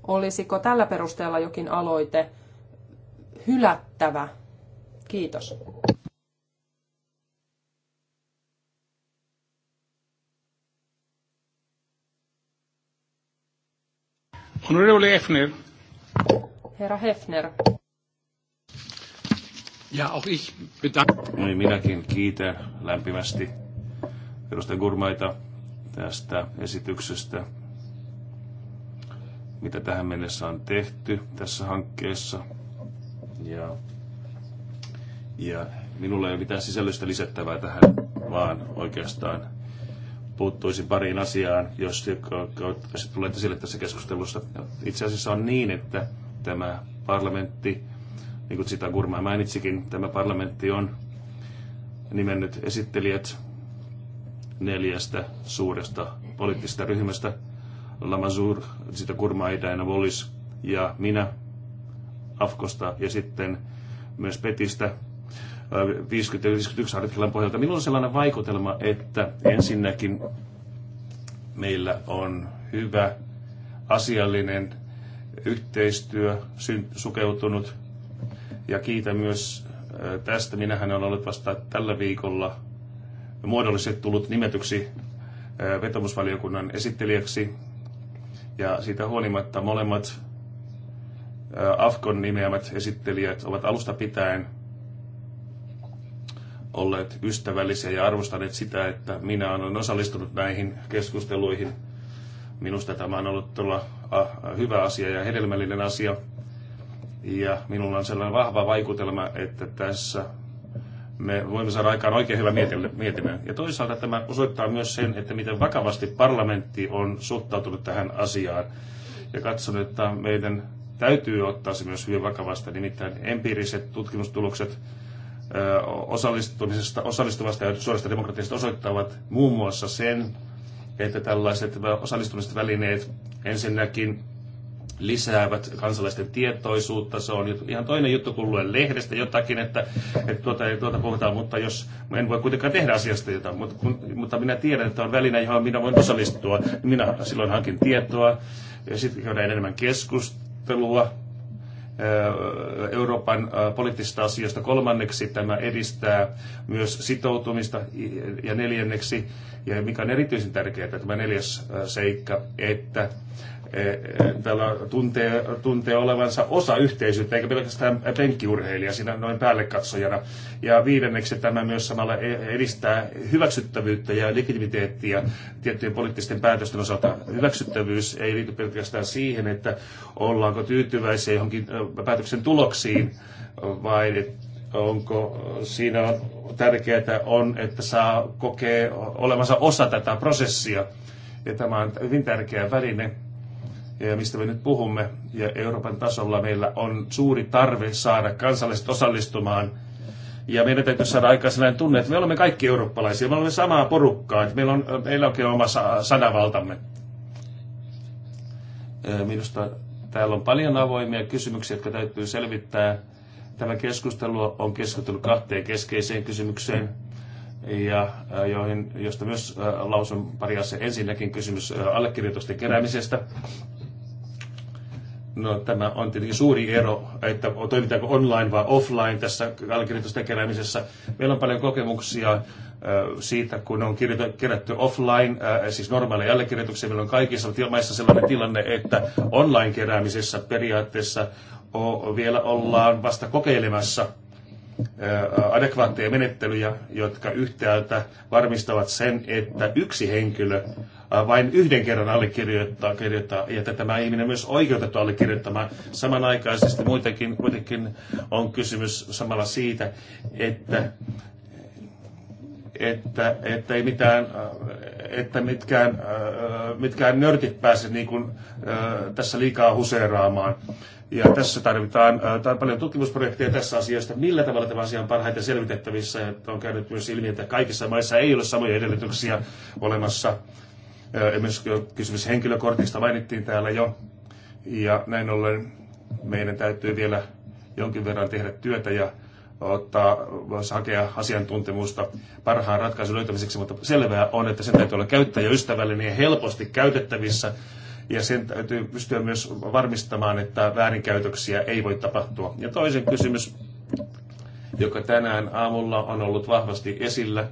Olisiko tällä perusteella jokin aloite hylättävä? Kiitos. Honorable Hefner. Herra Hefner. Ja auch ich bedanke. Niin minäkin kiitän lämpimästi edustaja Gurmaita tästä esityksestä mitä tähän mennessä on tehty tässä hankkeessa. Ja, ja minulla ei ole mitään sisällöstä lisättävää tähän, vaan oikeastaan puuttuisin pariin asiaan, jos tulee esille tässä keskustelussa. Itse asiassa on niin, että tämä parlamentti, niin kuin sitä Kurmaa mainitsikin, tämä parlamentti on nimennyt esittelijät neljästä suuresta poliittisesta ryhmästä – Lamazur, sitä Kurmaa Idaina Volis ja minä Afkosta ja sitten myös Petistä 50 ja 51 artiklan pohjalta. Minulla on sellainen vaikutelma, että ensinnäkin meillä on hyvä asiallinen yhteistyö sukeutunut ja kiitän myös tästä. Minähän olen ollut vasta tällä viikolla muodollisesti tullut nimetyksi vetomusvaliokunnan esittelijäksi ja siitä huolimatta molemmat Afkon nimeämät esittelijät ovat alusta pitäen olleet ystävällisiä ja arvostaneet sitä, että minä olen osallistunut näihin keskusteluihin. Minusta tämä on ollut todella hyvä asia ja hedelmällinen asia. Ja minulla on sellainen vahva vaikutelma, että tässä me voimme saada aikaan oikein hyvän mietinnön. Ja toisaalta tämä osoittaa myös sen, että miten vakavasti parlamentti on suhtautunut tähän asiaan. Ja katson, että meidän täytyy ottaa se myös hyvin vakavasti, nimittäin empiiriset tutkimustulokset osallistumisesta, osallistuvasta ja suorasta demokratiasta osoittavat muun muassa sen, että tällaiset osallistumisvälineet ensinnäkin lisäävät kansalaisten tietoisuutta. Se on ihan toinen juttu, kun luen lehdestä jotakin, että, että tuota tuota puhutaan, mutta jos en voi kuitenkaan tehdä asiasta jotain, mutta, kun, mutta minä tiedän, että on väline, johon minä voin osallistua, niin minä silloin hankin tietoa ja sitten käydään enemmän keskustelua Euroopan poliittisista asioista. Kolmanneksi tämä edistää myös sitoutumista ja neljänneksi, ja mikä on erityisen tärkeää, tämä neljäs seikka, että E, e, tuntee, tuntee olevansa osa yhteisyyttä, eikä pelkästään penkkiurheilija siinä noin päälle katsojana. Ja viidenneksi tämä myös samalla e, edistää hyväksyttävyyttä ja legitimiteettiä tiettyjen poliittisten päätösten osalta. Hyväksyttävyys ei liity pelkästään siihen, että ollaanko tyytyväisiä johonkin päätöksen tuloksiin, vai onko siinä tärkeää on, että saa kokea olevansa osa tätä prosessia. Ja tämä on hyvin tärkeä väline mistä me nyt puhumme. Ja Euroopan tasolla meillä on suuri tarve saada kansalaiset osallistumaan. Ja meidän täytyy saada aikaan sellainen tunne, että me olemme kaikki eurooppalaisia, me olemme samaa porukkaa, että meillä on, meillä onkin oma sanavaltamme. Minusta täällä on paljon avoimia kysymyksiä, jotka täytyy selvittää. Tämä keskustelu on keskustellut kahteen keskeiseen kysymykseen ja joihin, josta myös lausun pari asiaa. Ensinnäkin kysymys allekirjoitusten keräämisestä. No tämä on tietenkin suuri ero, että toimitaanko online vai offline tässä allekirjoitusten keräämisessä. Meillä on paljon kokemuksia siitä, kun on kerätty offline, siis normaaleja allekirjoituksia. Meillä on kaikissa maissa sellainen tilanne, että online-keräämisessä periaatteessa vielä ollaan vasta kokeilemassa adekvaatteja menettelyjä, jotka yhtäältä varmistavat sen, että yksi henkilö vain yhden kerran allekirjoittaa, kirjoittaa, ja että tämä ihminen myös oikeutettu allekirjoittamaan. Samanaikaisesti muitakin, kuitenkin on kysymys samalla siitä, että että, että, ei mitään, että mitkään, mitkään nörtit pääse niin kuin, tässä liikaa huseeraamaan. Ja tässä tarvitaan tai paljon tutkimusprojekteja tässä asiasta, millä tavalla tämä asia on parhaiten selvitettävissä. Että on käynyt myös ilmi, että kaikissa maissa ei ole samoja edellytyksiä olemassa Esimerkiksi kysymys henkilökortista mainittiin täällä jo. Ja näin ollen meidän täytyy vielä jonkin verran tehdä työtä ja ottaa, voisi hakea asiantuntemusta parhaan ratkaisun löytämiseksi, mutta selvää on, että sen täytyy olla käyttäjäystävällinen ja helposti käytettävissä. Ja sen täytyy pystyä myös varmistamaan, että väärinkäytöksiä ei voi tapahtua. Ja toisen kysymys, joka tänään aamulla on ollut vahvasti esillä,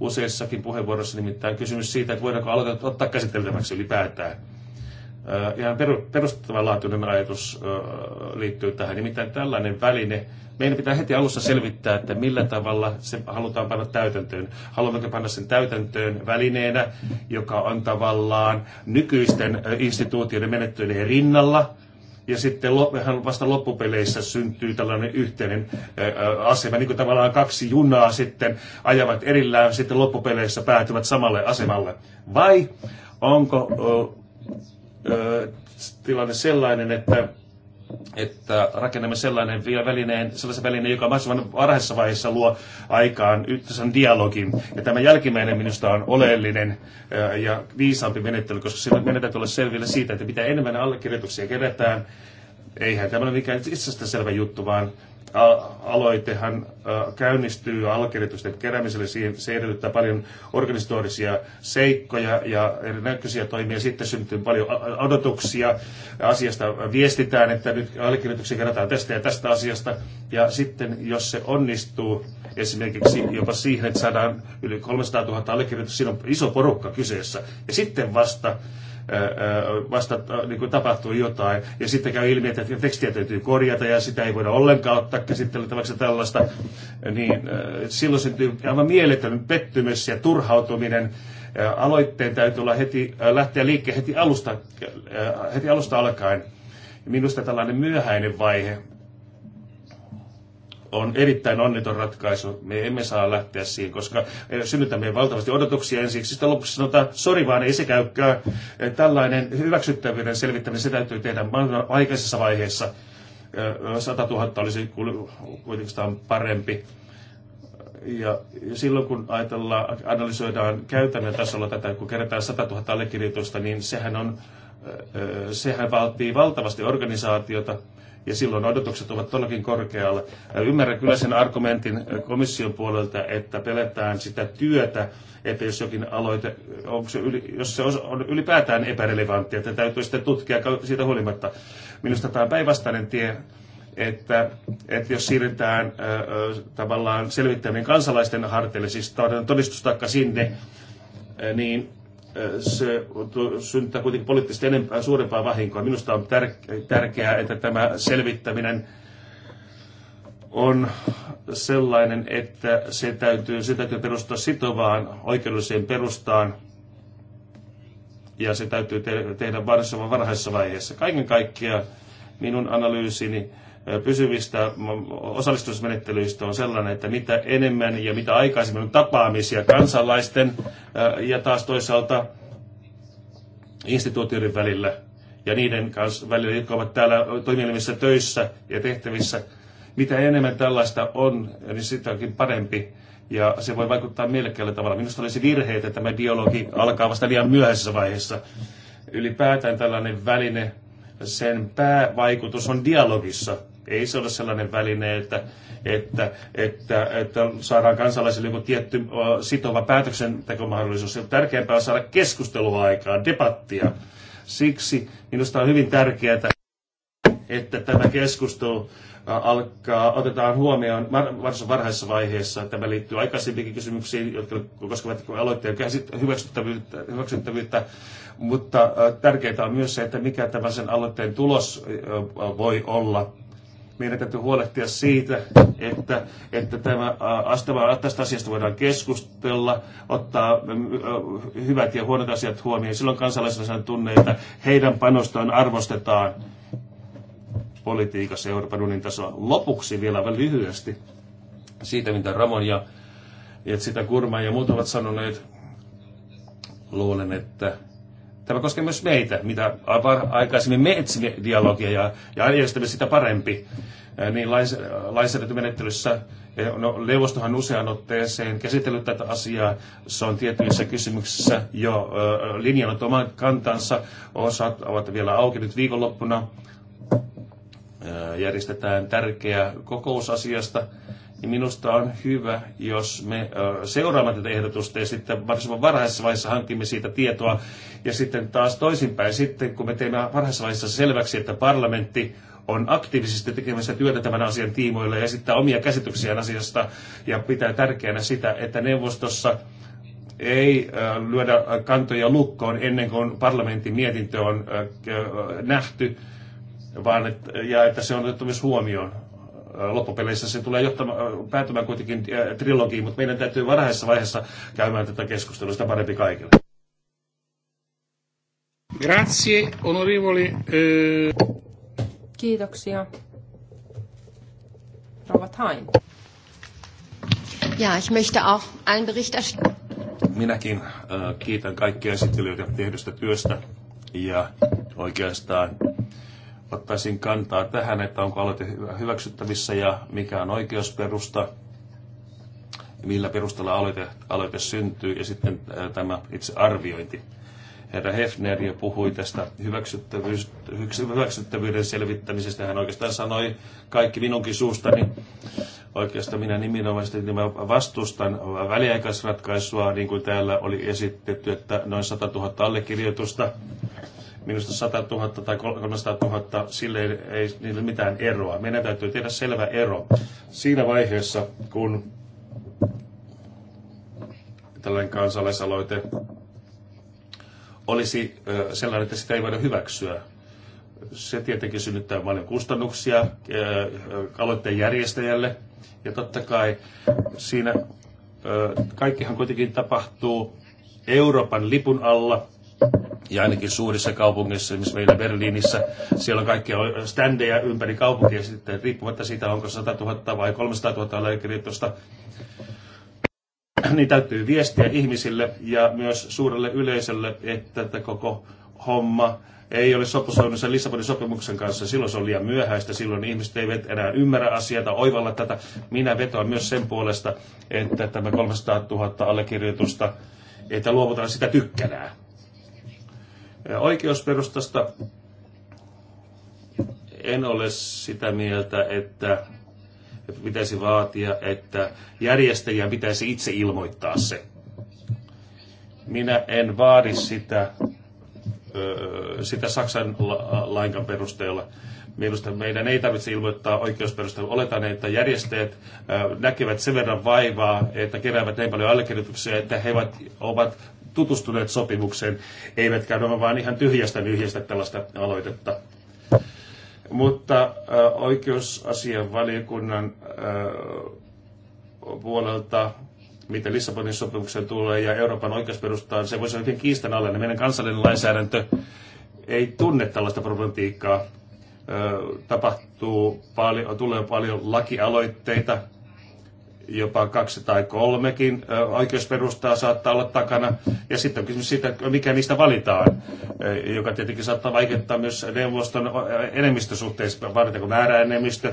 useissakin puheenvuoroissa nimittäin kysymys siitä, että voidaanko aloittaa ottaa käsiteltäväksi ylipäätään. Ihan perustavanlaatuinen ajatus liittyy tähän. Nimittäin tällainen väline, meidän pitää heti alussa selvittää, että millä tavalla se halutaan panna täytäntöön. Haluammeko panna sen täytäntöön välineenä, joka on tavallaan nykyisten instituutioiden menettelyjen rinnalla, ja sitten hän vasta loppupeleissä syntyy tällainen yhteinen asema, niin kuin tavallaan kaksi junaa sitten ajavat erillään, sitten loppupeleissä päätyvät samalle asemalle. Vai onko ö, ö, tilanne sellainen, että että rakennamme sellainen välineen, sellaisen välineen, joka mahdollisimman varhaisessa vaiheessa luo aikaan yhteisen dialogin. Ja tämä jälkimmäinen minusta on oleellinen äh, ja viisaampi menettely, koska silloin meidän täytyy olla selvillä siitä, että mitä enemmän allekirjoituksia kerätään, eihän tämä ole mikään itsestäänselvä juttu, vaan aloitehan käynnistyy allekirjoitusten keräämiselle. Se edellyttää paljon organisatorisia seikkoja ja erinäköisiä toimia. Sitten syntyy paljon odotuksia. Asiasta viestitään, että nyt allekirjoituksia kerätään tästä ja tästä asiasta. Ja sitten, jos se onnistuu esimerkiksi jopa siihen, että saadaan yli 300 000 allekirjoitusta, siinä on iso porukka kyseessä. Ja sitten vasta vasta niin kuin tapahtuu jotain, ja sitten käy ilmi, että tekstiä täytyy korjata, ja sitä ei voida ollenkaan ottaa käsittelytäväksi tällaista, niin silloin syntyy aivan mieletön pettymys ja turhautuminen, aloitteen täytyy olla heti, lähteä liikkeelle heti alusta, heti alusta alkaen. Minusta tällainen myöhäinen vaihe on erittäin onneton ratkaisu. Me emme saa lähteä siihen, koska eh, synnytämme valtavasti odotuksia ensiksi. Sitten lopuksi sanotaan, sori vaan ei se käykään. Eh, tällainen hyväksyttävyyden selvittäminen, se täytyy tehdä aikaisessa vaiheessa. 100 eh, 000 olisi kuitenkin parempi. Ja silloin kun ajatellaan, analysoidaan käytännön tasolla tätä, kun kerätään 100 000 allekirjoitusta, niin sehän, on, sehän vaatii valtavasti organisaatiota ja silloin odotukset ovat todellakin korkealla. Ymmärrän kyllä sen argumentin komission puolelta, että pelätään sitä työtä, että jos jokin aloite, onko se yli, jos se on ylipäätään epärelevanttia, että täytyy sitten tutkia siitä huolimatta. Minusta tämä on päinvastainen tie, että, että jos siirretään ää, tavallaan selvittäminen kansalaisten harteille, siis todistustakka sinne, niin se syntää kuitenkin poliittisesti enempää, suurempaa vahinkoa. Minusta on tärkeää, että tämä selvittäminen on sellainen, että se täytyy, se täytyy perustaa sitovaan oikeudelliseen perustaan ja se täytyy te- tehdä varhaisessa vaiheessa. Kaiken kaikkiaan minun analyysini pysyvistä osallistumismenettelyistä on sellainen, että mitä enemmän ja mitä aikaisemmin on tapaamisia kansalaisten äh, ja taas toisaalta instituutioiden välillä ja niiden kanssa välillä, jotka ovat täällä toimielimissä töissä ja tehtävissä, mitä enemmän tällaista on, niin sitäkin parempi. Ja se voi vaikuttaa mielekkäällä tavalla. Minusta olisi virhe, että tämä dialogi alkaa vasta liian myöhäisessä vaiheessa. Ylipäätään tällainen väline, sen päävaikutus on dialogissa. Ei se ole sellainen väline, että, että, että, että saadaan kansalaisille joku tietty sitova päätöksentekomahdollisuus. Tärkeämpää on saada keskustelua aikaan, debattia. Siksi minusta on hyvin tärkeää, että tämä keskustelu alkaa, otetaan huomioon varsin varhaisessa vaiheessa. Tämä liittyy aikaisempiin kysymyksiin, jotka koskevat aloitteen hyväksyttävyyttä, hyväksyttävyyttä. mutta tärkeää on myös se, että mikä tämän sen aloitteen tulos voi olla meidän täytyy huolehtia siitä, että, että tämä, tästä asiasta voidaan keskustella, ottaa hyvät ja huonot asiat huomioon. Silloin kansalaisilla tunne, että heidän panostaan arvostetaan politiikassa Euroopan unionin tasolla. Lopuksi vielä lyhyesti siitä, mitä Ramon ja, ja sitä Kurma ja muut ovat sanoneet. Luulen, että Tämä koskee myös meitä. Mitä aikaisemmin me etsimme dialogia ja, ja järjestämme sitä parempi, eh, niin lains, lainsäädäntömenettelyssä eh, no, neuvostohan usean otteeseen käsitellyt tätä asiaa. Se on tietyissä kysymyksissä jo eh, linjannut oman kantansa. Osat ovat vielä auki nyt viikonloppuna. Järjestetään tärkeä kokousasiasta. asiasta niin minusta on hyvä, jos me seuraamme tätä ehdotusta ja sitten varsinkin varhaisessa vaiheessa hankimme siitä tietoa. Ja sitten taas toisinpäin sitten, kun me teemme varhaisessa vaiheessa selväksi, että parlamentti on aktiivisesti tekemässä työtä tämän asian tiimoilla ja esittää omia käsityksiään asiasta ja pitää tärkeänä sitä, että neuvostossa ei lyödä kantoja lukkoon ennen kuin parlamentin mietintö on nähty, vaan että, ja että se on otettu myös huomioon Äh, loppupeleissä se tulee johtama, äh, päätymään kuitenkin äh, trilogiin, mutta meidän täytyy varhaisessa vaiheessa käymään tätä keskustelua, sitä parempi kaikille. Grazie, onorevoli. Kiitoksia. Rova Hain. Ja, ich möchte auch allen Berichterstattern. Minäkin äh, kiitän kaikkia esittelijöitä tehdystä työstä ja oikeastaan äh, ottaisin kantaa tähän, että onko aloite hyväksyttävissä ja mikä on oikeusperusta, millä perusteella aloite, aloite syntyy ja sitten tämä itse arviointi. Herra Hefner jo puhui tästä hyväksyttävyyden selvittämisestä. Hän oikeastaan sanoi kaikki minunkin suustani. Oikeastaan minä nimenomaisesti niin mä vastustan väliaikaisratkaisua, niin kuin täällä oli esitetty, että noin 100 000 allekirjoitusta Minusta 100 000 tai 300 000, sille ei, ei niille mitään eroa. Meidän täytyy tehdä selvä ero. Siinä vaiheessa, kun tällainen kansalaisaloite olisi sellainen, että sitä ei voida hyväksyä. Se tietenkin synnyttää paljon kustannuksia aloitteen järjestäjälle. Ja totta kai siinä kaikkihan kuitenkin tapahtuu Euroopan lipun alla ja ainakin suurissa kaupungeissa, missä meillä Berliinissä, siellä on kaikkia ständejä ympäri kaupunkia sitten, riippumatta siitä, onko 100 000 vai 300 000 allekirjoitusta, niin täytyy viestiä ihmisille ja myös suurelle yleisölle, että tätä koko homma ei ole sopusoinnissa Lissabonin sopimuksen kanssa. Silloin se on liian myöhäistä, silloin ihmiset eivät enää ymmärrä asiaa tai oivalla tätä. Minä vetoan myös sen puolesta, että tämä 300 000 allekirjoitusta, että luovutaan sitä tykkänään. Oikeusperustasta en ole sitä mieltä, että pitäisi vaatia, että järjestäjän pitäisi itse ilmoittaa se. Minä en vaadi sitä, sitä Saksan lainkan perusteella. Mielestäni meidän ei tarvitse ilmoittaa oikeusperusteella. Oletan, että järjestäjät näkevät sen verran vaivaa, että keräävät niin paljon allekirjoituksia, että he ovat tutustuneet sopimukseen, eivätkä ne vaan ihan tyhjästä nyhjästä tällaista aloitetta. Mutta äh, oikeusasian valiokunnan äh, puolelta mitä Lissabonin sopimukseen tulee ja Euroopan oikeusperustaan, se voisi olla hyvin kiistanalainen. Meidän kansallinen lainsäädäntö ei tunne tällaista problematiikkaa. Äh, tapahtuu paljon, tulee paljon lakialoitteita, jopa kaksi tai kolmekin oikeusperustaa saattaa olla takana. Ja sitten on kysymys siitä, mikä niistä valitaan, joka tietenkin saattaa vaikuttaa myös neuvoston enemmistösuhteessa, valitaanko määräenemmistö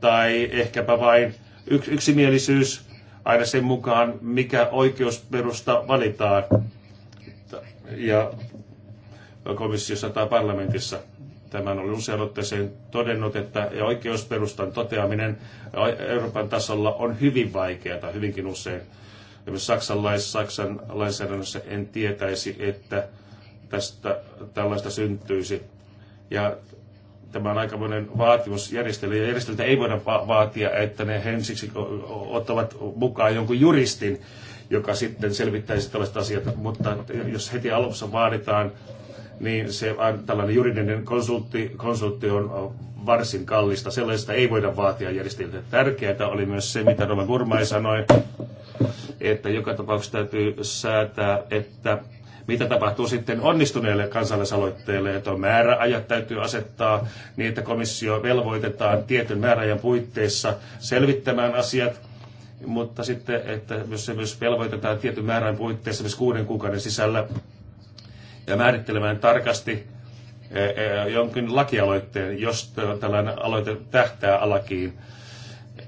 tai ehkäpä vain yksimielisyys aina sen mukaan, mikä oikeusperusta valitaan ja komissiossa tai parlamentissa – Tämän oli usean otteeseen todennut, että oikeusperustan toteaminen Euroopan tasolla on hyvin vaikeaa, hyvinkin usein. Saksan, lais, Saksan lainsäädännössä en tietäisi, että tästä tällaista syntyisi. Ja tämä on aikamoinen vaatimus järjestelijä. Ja järjestelijä ei voida va- vaatia, että ne ensiksi ottavat mukaan jonkun juristin, joka sitten selvittäisi tällaista asiaa, Mutta jos heti alussa vaaditaan niin se, tällainen juridinen konsultti, konsultti on varsin kallista. Sellaista ei voida vaatia järjestäjiltä. Tärkeää oli myös se, mitä Roman Gurmai sanoi, että joka tapauksessa täytyy säätää, että mitä tapahtuu sitten onnistuneelle kansalaisaloitteelle, että on määräajat täytyy asettaa niin, että komissio velvoitetaan tietyn määräajan puitteissa selvittämään asiat, mutta sitten, että myös se myös velvoitetaan tietyn määrän puitteissa myös kuuden kuukauden sisällä ja määrittelemään tarkasti e, e, jonkin lakialoitteen, jos tällainen aloite tähtää alakiin,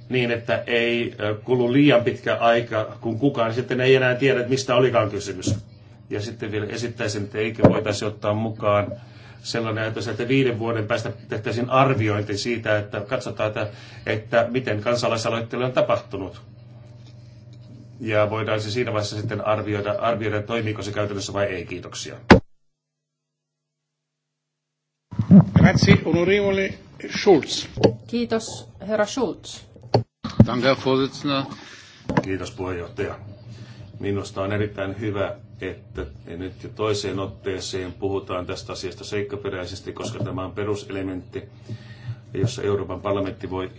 niin että ei e, kulu liian pitkä aika, kun kukaan sitten ei enää tiedä, että mistä olikaan kysymys. Ja sitten vielä esittäisin, että eikö voitaisi ottaa mukaan sellainen ajatus, että viiden vuoden päästä tehtäisiin arviointi siitä, että katsotaan, että, että miten kansalaisaloitteelle on tapahtunut. Ja voidaan se siinä vaiheessa sitten arvioida, arvioida toimiiko se käytännössä vai ei. Kiitoksia. Grazie, onorevole Schulz. Kiitos, herra Schulz. Danke, herr Vorsitzender. Kiitos, puheenjohtaja. Minusta on erittäin hyvä, että nyt jo toiseen otteeseen puhutaan tästä asiasta seikkaperäisesti, koska tämä on peruselementti, jossa Euroopan parlamentti voi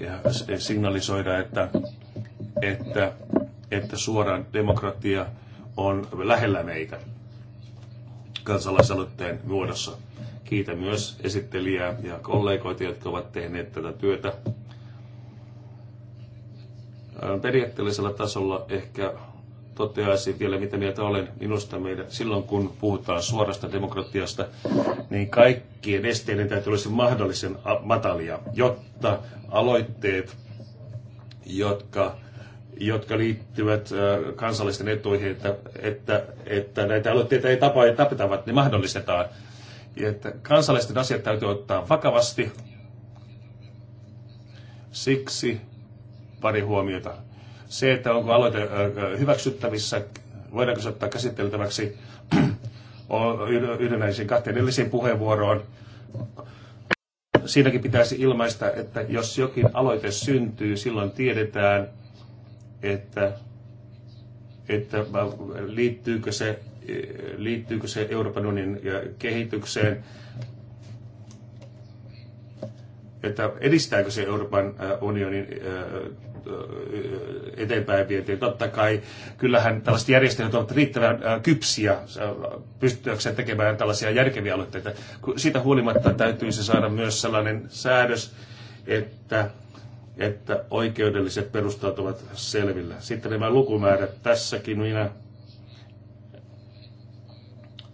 signalisoida, että, että, että suoraan demokratia on lähellä meitä kansalaisaloitteen muodossa. Kiitän myös esittelijää ja kollegoita, jotka ovat tehneet tätä työtä. Periaatteellisella tasolla ehkä toteaisin vielä, mitä mieltä olen. Minusta meidän, silloin kun puhutaan suorasta demokratiasta, niin kaikkien esteiden täytyy olla mahdollisen matalia, jotta aloitteet, jotka jotka liittyvät kansallisten etuihin, että, että, että näitä aloitteita ei tapa ja tapetavat, ne mahdollistetaan. Niin, että kansalaisten asiat täytyy ottaa vakavasti. Siksi pari huomiota. Se, että onko aloite hyväksyttävissä, voidaanko se ottaa käsiteltäväksi *clears throat* yhden näisiin kahteen edellisiin puheenvuoroon. Siinäkin pitäisi ilmaista, että jos jokin aloite syntyy, silloin tiedetään, että, että äh, liittyykö se liittyykö se Euroopan unionin kehitykseen, että edistääkö se Euroopan äh, unionin äh, eteenpäin vietiin. Totta kai kyllähän tällaiset järjestelmät ovat riittävän äh, kypsiä pystyäkseen tekemään tällaisia järkeviä aloitteita. Siitä huolimatta täytyisi saada myös sellainen säädös, että, että oikeudelliset perustat ovat selvillä. Sitten nämä lukumäärät tässäkin minä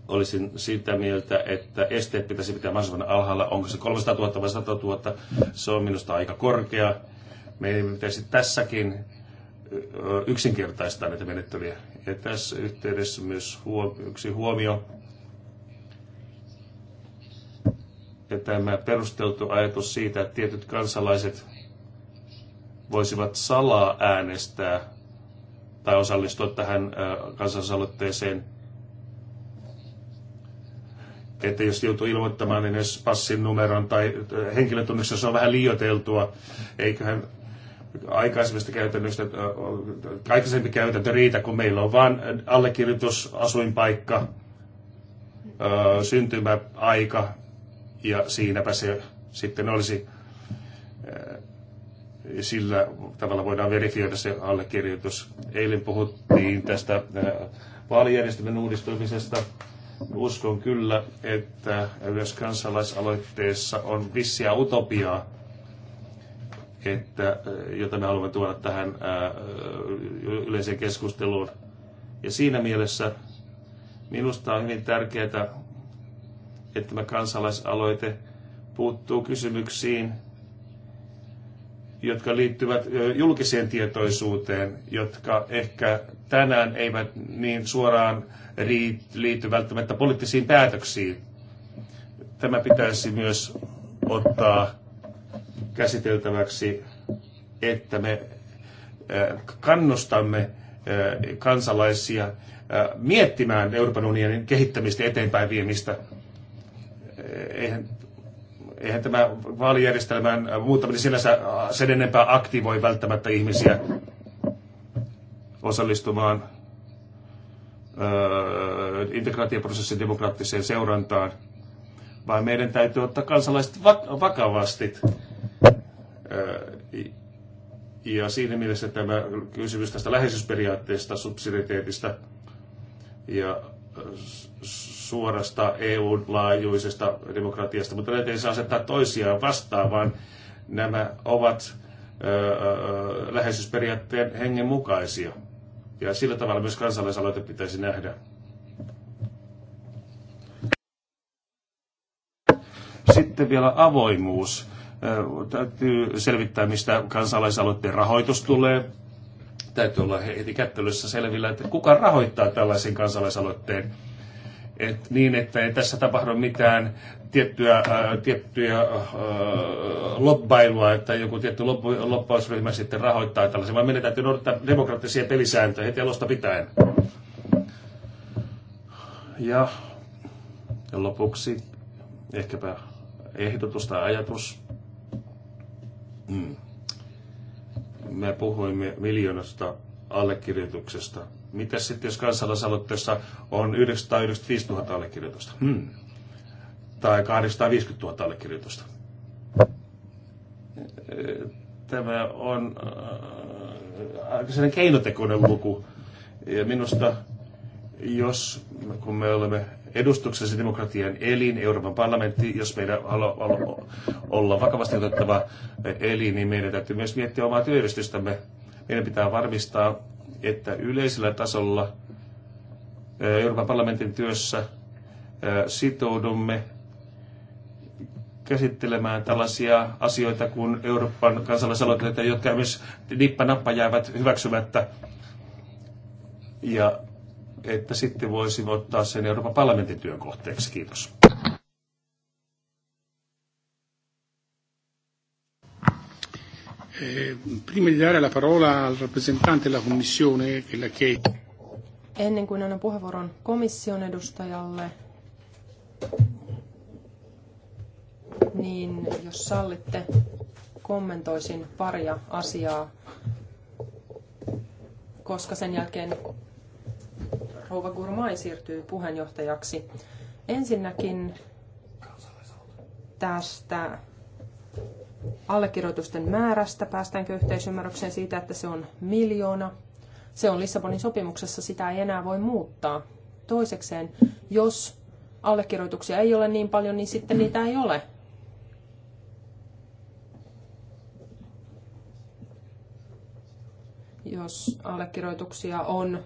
olisin sitä mieltä, että esteet pitäisi pitää mahdollisimman alhaalla. Onko se 300 000 vai 100 000? Se on minusta aika korkea. Meidän pitäisi tässäkin yksinkertaistaa näitä menettelyjä. Ja tässä yhteydessä myös huomio, yksi huomio. Ja tämä perusteltu ajatus siitä, että tietyt kansalaiset voisivat salaa äänestää tai osallistua tähän kansalaisaloitteeseen – että jos joutuu ilmoittamaan niin edes passin numeron tai äh, henkilötunnuksen, se on vähän liioteltua. Eiköhän aikaisemmista käytännöistä, äh, äh, aikaisempi käytäntö riitä, kun meillä on vain allekirjoitus, asuinpaikka, syntymäaika ja siinäpä se sitten olisi sillä tavalla voidaan verifioida se allekirjoitus. Eilen puhuttiin tästä vaalijärjestelmän uudistumisesta Uskon kyllä, että myös kansalaisaloitteessa on vissiä utopiaa, että, jota me haluamme tuoda tähän yleiseen keskusteluun. Ja siinä mielessä minusta on hyvin tärkeää, että tämä kansalaisaloite puuttuu kysymyksiin, jotka liittyvät julkiseen tietoisuuteen, jotka ehkä tänään eivät niin suoraan liity välttämättä poliittisiin päätöksiin. Tämä pitäisi myös ottaa käsiteltäväksi, että me äh, kannustamme äh, kansalaisia äh, miettimään Euroopan unionin kehittämistä eteenpäin viemistä. Eihän, eihän tämä vaalijärjestelmän muuttaminen sinänsä sen enempää aktivoi välttämättä ihmisiä osallistumaan öö, integraatioprosessin demokraattiseen seurantaan, vaan meidän täytyy ottaa kansalaiset vakavasti. Öö, ja siinä mielessä tämä kysymys tästä läheisyysperiaatteesta, subsidiariteetista ja suorasta EU-laajuisesta demokratiasta, mutta näitä ei saa asettaa toisiaan vastaan, vaan nämä ovat öö, läheisyysperiaatteen hengen mukaisia. Ja sillä tavalla myös kansalaisaloite pitäisi nähdä. Sitten vielä avoimuus. Täytyy selvittää, mistä kansalaisaloitteen rahoitus tulee. Täytyy olla heti kättelyssä selvillä, että kuka rahoittaa tällaisen kansalaisaloitteen. Et niin, että ei tässä tapahdu mitään tiettyä, äh, tiettyä äh, lobbailua, että joku tietty lobbu, lobbausryhmä sitten rahoittaa tällaisen, vaan meidän täytyy noudattaa demokraattisia pelisääntöjä heti alusta pitäen. Ja, ja lopuksi ehkäpä ehdotus tai ajatus. Mm. Me puhuimme miljoonasta allekirjoituksesta. Mitä sitten, jos kansalaisaloitteessa on 995 000 allekirjoitusta? Hmm tai 250 000 allekirjoitusta. Tämä on äh, aika sellainen keinotekoinen luku. Ja minusta, jos, kun me olemme edustuksessa demokratian elin, Euroopan parlamentti, jos meidän haluaa olla vakavasti otettava elin, niin meidän täytyy myös miettiä omaa työllistystämme. Meidän pitää varmistaa, että yleisellä tasolla äh, Euroopan parlamentin työssä äh, sitoudumme käsittelemään tällaisia asioita kuin Euroopan kansalaisaloitteita, jotka myös nippanappa jäävät hyväksymättä. Ja että sitten voisi ottaa sen Euroopan parlamentin työn kohteeksi. Kiitos. Eh, prima di dare la parola al rappresentante della Commissione, che la chiede. Ennen kuin annan puheenvuoron komission edustajalle, niin jos sallitte, kommentoisin paria asiaa, koska sen jälkeen Rouva Gurmai siirtyy puheenjohtajaksi. Ensinnäkin tästä allekirjoitusten määrästä päästäänkö yhteisymmärrykseen siitä, että se on miljoona. Se on Lissabonin sopimuksessa, sitä ei enää voi muuttaa. Toisekseen, jos allekirjoituksia ei ole niin paljon, niin sitten niitä ei ole. Jos allekirjoituksia on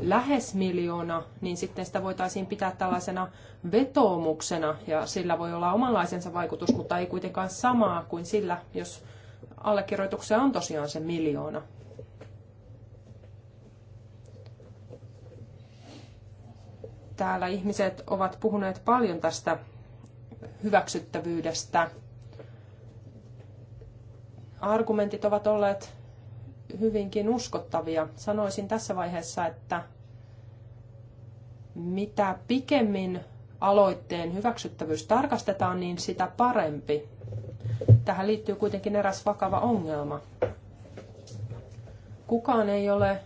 lähes miljoona, niin sitten sitä voitaisiin pitää tällaisena vetoomuksena ja sillä voi olla omanlaisensa vaikutus, mutta ei kuitenkaan samaa kuin sillä, jos allekirjoituksia on tosiaan se miljoona. Täällä ihmiset ovat puhuneet paljon tästä hyväksyttävyydestä. Argumentit ovat olleet hyvinkin uskottavia. Sanoisin tässä vaiheessa, että mitä pikemmin aloitteen hyväksyttävyys tarkastetaan, niin sitä parempi. Tähän liittyy kuitenkin eräs vakava ongelma. Kukaan ei ole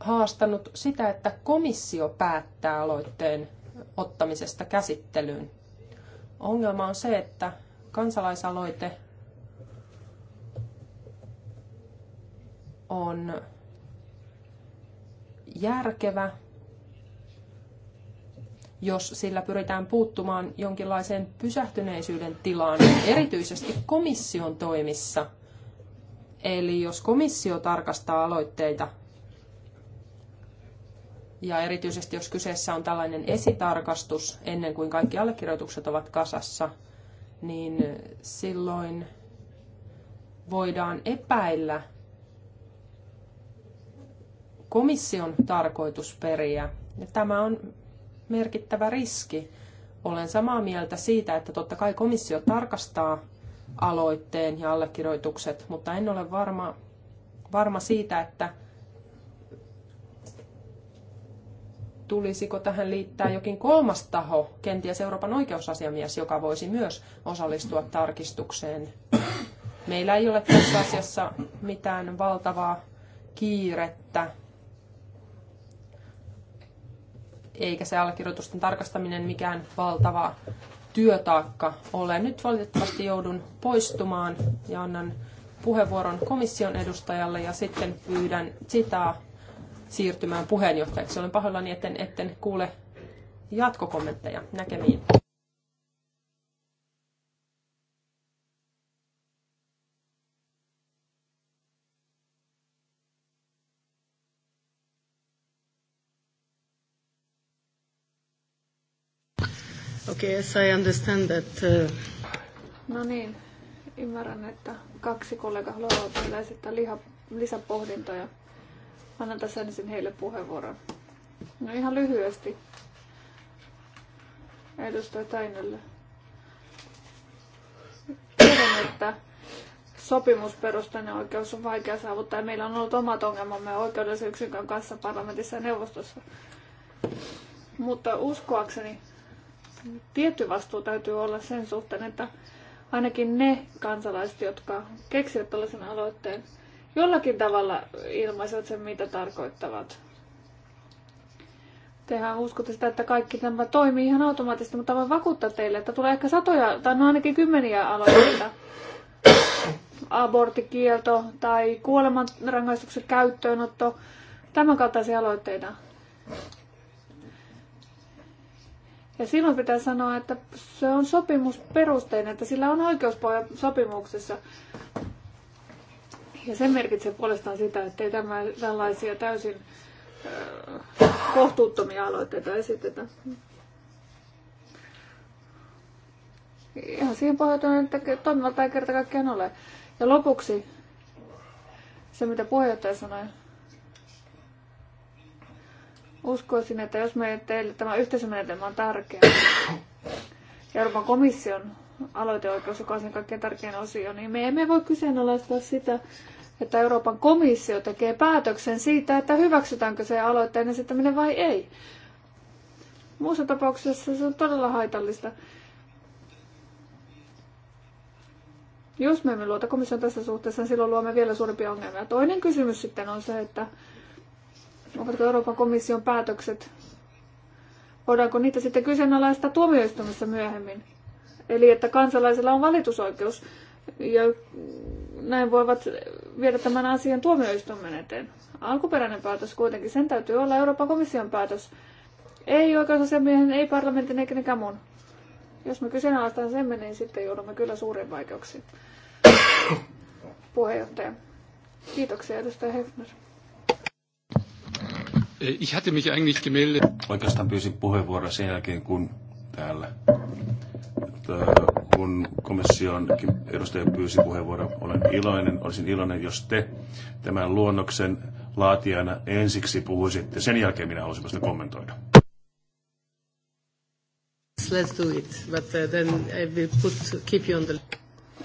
haastanut sitä, että komissio päättää aloitteen ottamisesta käsittelyyn. Ongelma on se, että kansalaisaloite on järkevä, jos sillä pyritään puuttumaan jonkinlaiseen pysähtyneisyyden tilaan, erityisesti komission toimissa. Eli jos komissio tarkastaa aloitteita, ja erityisesti jos kyseessä on tällainen esitarkastus ennen kuin kaikki allekirjoitukset ovat kasassa, niin silloin voidaan epäillä komission tarkoitusperiä. Ja tämä on merkittävä riski. Olen samaa mieltä siitä, että totta kai komissio tarkastaa aloitteen ja allekirjoitukset, mutta en ole varma, varma siitä, että tulisiko tähän liittää jokin kolmas taho, kenties Euroopan oikeusasiamies, joka voisi myös osallistua tarkistukseen. Meillä ei ole tässä asiassa mitään valtavaa kiirettä. eikä se allekirjoitusten tarkastaminen mikään valtava työtaakka ole. Nyt valitettavasti joudun poistumaan ja annan puheenvuoron komission edustajalle ja sitten pyydän sitä siirtymään puheenjohtajaksi. Olen pahoillani, etten, etten kuule jatkokommentteja näkemiin. Okay, yes, I understand that. Uh... No niin, ymmärrän, että kaksi kollegaa haluaa vielä esittää liha, lisäpohdintoja. Annan tässä ensin heille puheenvuoron. No ihan lyhyesti. Edustaja Tainelle. Tiedän, että sopimusperustainen oikeus on vaikea saavuttaa ja meillä on ollut omat ongelmamme oikeudellisen yksikön kanssa parlamentissa ja neuvostossa. Mutta uskoakseni tietty vastuu täytyy olla sen suhteen, että ainakin ne kansalaiset, jotka keksivät tällaisen aloitteen, jollakin tavalla ilmaisivat sen, mitä tarkoittavat. Tehän uskotte sitä, että kaikki tämä toimii ihan automaattisesti, mutta voin vakuuttaa teille, että tulee ehkä satoja tai no ainakin kymmeniä aloitteita. Aborttikielto tai kuolemanrangaistuksen käyttöönotto, tämän kaltaisia aloitteita. Ja silloin pitää sanoa, että se on sopimusperusteinen, että sillä on oikeuspohja sopimuksessa. Ja se merkitsee puolestaan sitä, että ei tämä, tällaisia täysin äh, kohtuuttomia aloitteita esitetä. Ihan siihen pohjautuen, että toimivalta ei kerta kaikkiaan ole. Ja lopuksi se, mitä puheenjohtaja sanoi, Uskoisin, että jos me teille tämä yhteisömenetelmä on tärkeä, *coughs* Euroopan komission aloiteoikeus, joka on sen kaikkein tärkein osio, niin me emme voi kyseenalaistaa sitä, että Euroopan komissio tekee päätöksen siitä, että hyväksytäänkö se aloitteen esittäminen vai ei. Muussa tapauksessa se on todella haitallista. Jos me emme luota komission tässä suhteessa, niin silloin luomme vielä suurempia ongelmia. Toinen kysymys sitten on se, että Ovatko Euroopan komission päätökset, voidaanko niitä sitten kyseenalaista tuomioistumissa myöhemmin? Eli että kansalaisella on valitusoikeus ja näin voivat viedä tämän asian tuomioistuimen eteen. Alkuperäinen päätös kuitenkin, sen täytyy olla Euroopan komission päätös. Ei oikeusasiamiehen, ei parlamentin eikä nekään mun. Jos me kyseenalaistaan sen, niin sitten joudumme kyllä suuriin vaikeuksiin. Puheenjohtaja. Kiitoksia edustaja Hefner. Eh, ich hatte mich eigentlich gemeldet. Oikeastaan pyysin puheenvuoroa sen jälkeen, kun täällä äh, kun komission edustaja pyysi puheenvuoron, olen iloinen, olisin iloinen, jos te tämän luonnoksen laatijana ensiksi puhuisitte. Sen jälkeen minä haluaisin vasta kommentoida. Let's do it, but uh, then I will put, keep you on the...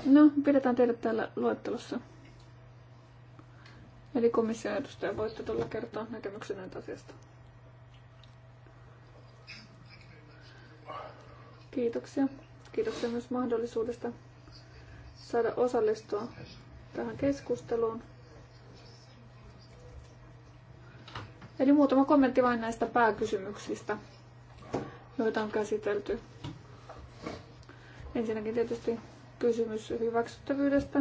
No, pidetään teidät täällä luettelossa. Eli komission edustaja, voitte tulla kertoa näitä asiasta. Kiitoksia. Kiitoksia myös mahdollisuudesta saada osallistua tähän keskusteluun. Eli muutama kommentti vain näistä pääkysymyksistä, joita on käsitelty. Ensinnäkin tietysti kysymys hyväksyttävyydestä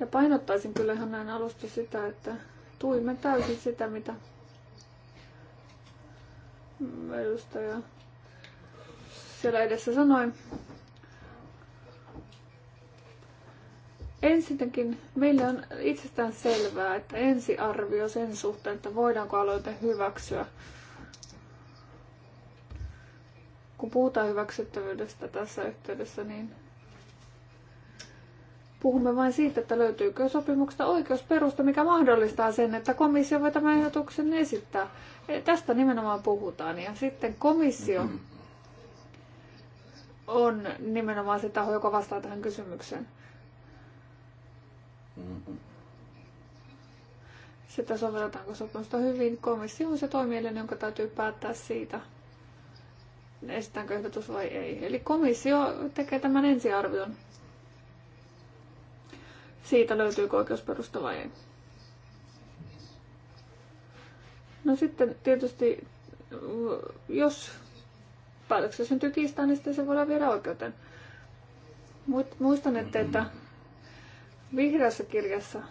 Ja painottaisin kyllä ihan näin alusta sitä, että tuimme täysin sitä, mitä edustaja siellä edessä sanoi. Ensinnäkin meille on itsestään selvää, että ensiarvio sen suhteen, että voidaanko aloite hyväksyä. Kun puhutaan hyväksyttävyydestä tässä yhteydessä, niin Puhumme vain siitä, että löytyykö sopimuksesta oikeusperusta, mikä mahdollistaa sen, että komissio voi tämän ehdotuksen esittää. E, tästä nimenomaan puhutaan. Ja sitten komissio on nimenomaan se taho, joka vastaa tähän kysymykseen. Sitä sovelletaanko sopimusta hyvin. Komissio on se toimielin, jonka täytyy päättää siitä, estetäänkö ehdotus vai ei. Eli komissio tekee tämän ensiarvion siitä, löytyy oikeusperusta vai ei. No sitten tietysti, jos päätöksen sen tykistää, niin sitten se voidaan viedä oikeuteen. Muistan, että, että vihreässä kirjassa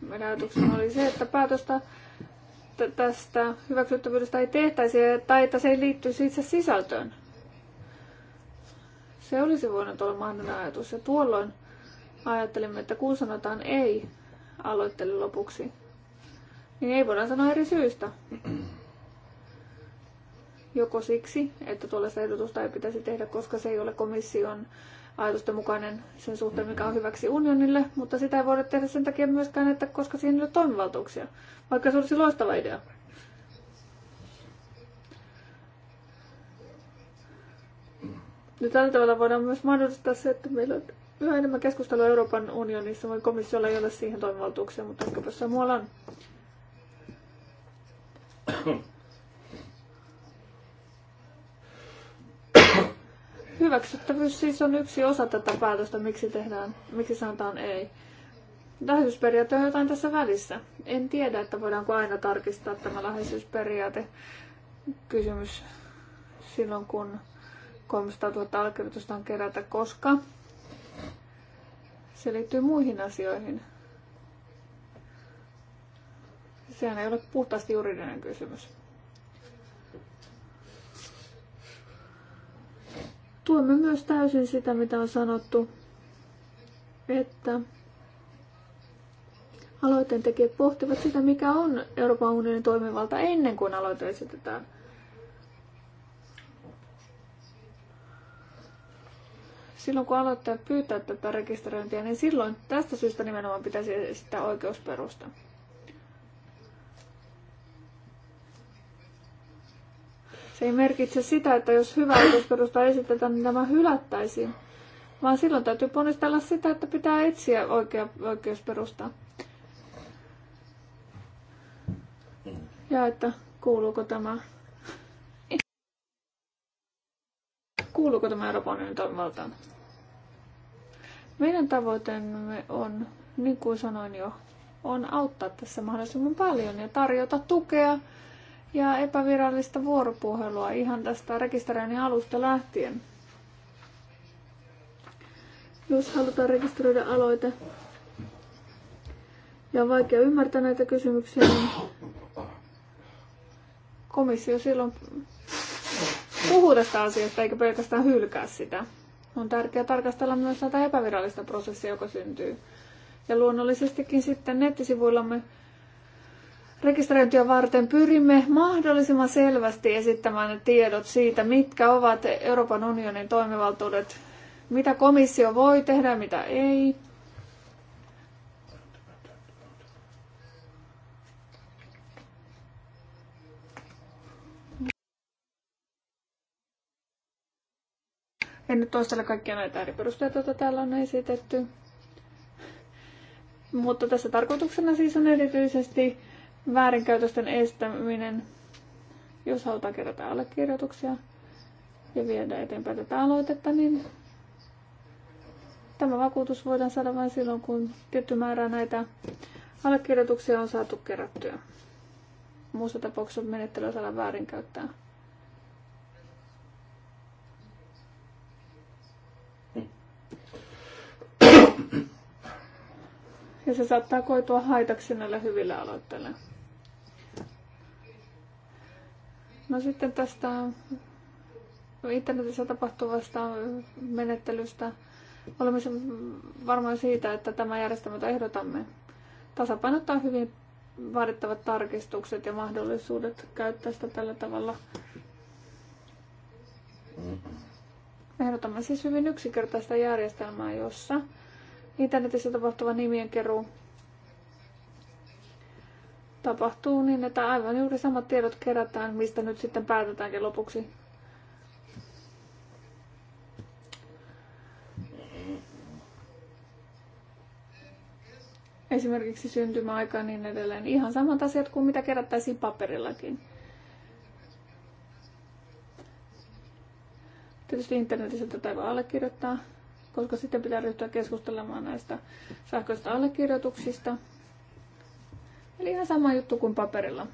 meidän ajatuksena oli se, että päätöstä tästä hyväksyttävyydestä ei tehtäisi tai että se ei liittyisi itse sisältöön. Se olisi voinut olla mahdollinen ajatus ja tuolloin ajattelimme, että kun sanotaan ei aloittele lopuksi, niin ei voida sanoa eri syystä. Joko siksi, että tuollaista ehdotusta ei pitäisi tehdä, koska se ei ole komission ajatusten mukainen sen suhteen, mikä on hyväksi unionille, mutta sitä ei voida tehdä sen takia myöskään, että koska siihen ei ole toimivaltuuksia, vaikka se olisi loistava idea. Ja tällä tavalla voidaan myös mahdollistaa se, että meillä on yhä enemmän keskustelua Euroopan unionissa, vaan komissiolla ei ole siihen toimivaltuuksia, mutta ehkä jossain muualla on. Hyväksyttävyys siis on yksi osa tätä päätöstä, miksi, tehdään, miksi sanotaan ei. Läheisyysperiaate on jotain tässä välissä. En tiedä, että voidaanko aina tarkistaa tämä läheisyysperiaate kysymys silloin, kun 300 000 allekirjoitusta on kerätä, koska se liittyy muihin asioihin. Sehän ei ole puhtaasti juridinen kysymys. Tuemme myös täysin sitä, mitä on sanottu, että aloitteen tekijät pohtivat sitä, mikä on Euroopan unionin toimivalta ennen kuin aloite esitetään – silloin kun aloittajat pyytää tätä rekisteröintiä, niin silloin tästä syystä nimenomaan pitäisi esittää oikeusperusta. Se ei merkitse sitä, että jos hyvä oikeusperusta esitetään, niin tämä hylättäisiin, vaan silloin täytyy ponnistella sitä, että pitää etsiä oikea oikeusperusta. Ja että kuuluuko tämä Kuuluuko tämä Euroopan unionin toimivaltaan? Meidän tavoitteemme on, niin kuin sanoin jo, on auttaa tässä mahdollisimman paljon ja tarjota tukea ja epävirallista vuoropuhelua ihan tästä rekisteröinnin alusta lähtien. Jos halutaan rekisteröidä aloite ja on vaikea ymmärtää näitä kysymyksiä, niin komissio silloin puhuta sitä asiasta eikä pelkästään hylkää sitä. On tärkeää tarkastella myös tätä epävirallista prosessia, joka syntyy. Ja luonnollisestikin sitten nettisivuillamme rekisteröintiä varten pyrimme mahdollisimman selvästi esittämään ne tiedot siitä, mitkä ovat Euroopan unionin toimivaltuudet, mitä komissio voi tehdä ja mitä ei, En nyt toistella kaikkia näitä eri perusteita, joita täällä on esitetty. Mutta tässä tarkoituksena siis on erityisesti väärinkäytösten estäminen, jos halutaan kerätä allekirjoituksia ja viedä eteenpäin tätä aloitetta, niin tämä vakuutus voidaan saada vain silloin, kun tietty määrä näitä allekirjoituksia on saatu kerättyä. Muussa tapauksessa menettelyä saadaan väärinkäyttää. ja se saattaa koitua haitaksi näille hyville aloitteille. No sitten tästä internetissä tapahtuvasta menettelystä olemme varmoin siitä, että tämä järjestelmä, jota ehdotamme, tasapainottaa hyvin vaadittavat tarkistukset ja mahdollisuudet käyttää sitä tällä tavalla. Ehdotamme siis hyvin yksinkertaista järjestelmää, jossa internetissä tapahtuva nimien keruu tapahtuu niin, että aivan juuri samat tiedot kerätään, mistä nyt sitten päätetäänkin lopuksi. Esimerkiksi syntymäaika ja niin edelleen. Ihan samat asiat kuin mitä kerättäisiin paperillakin. Tietysti internetissä tätä ei voi allekirjoittaa koska sitten pitää ryhtyä keskustelemaan näistä sähköistä allekirjoituksista. Eli ihan sama juttu kuin paperilla.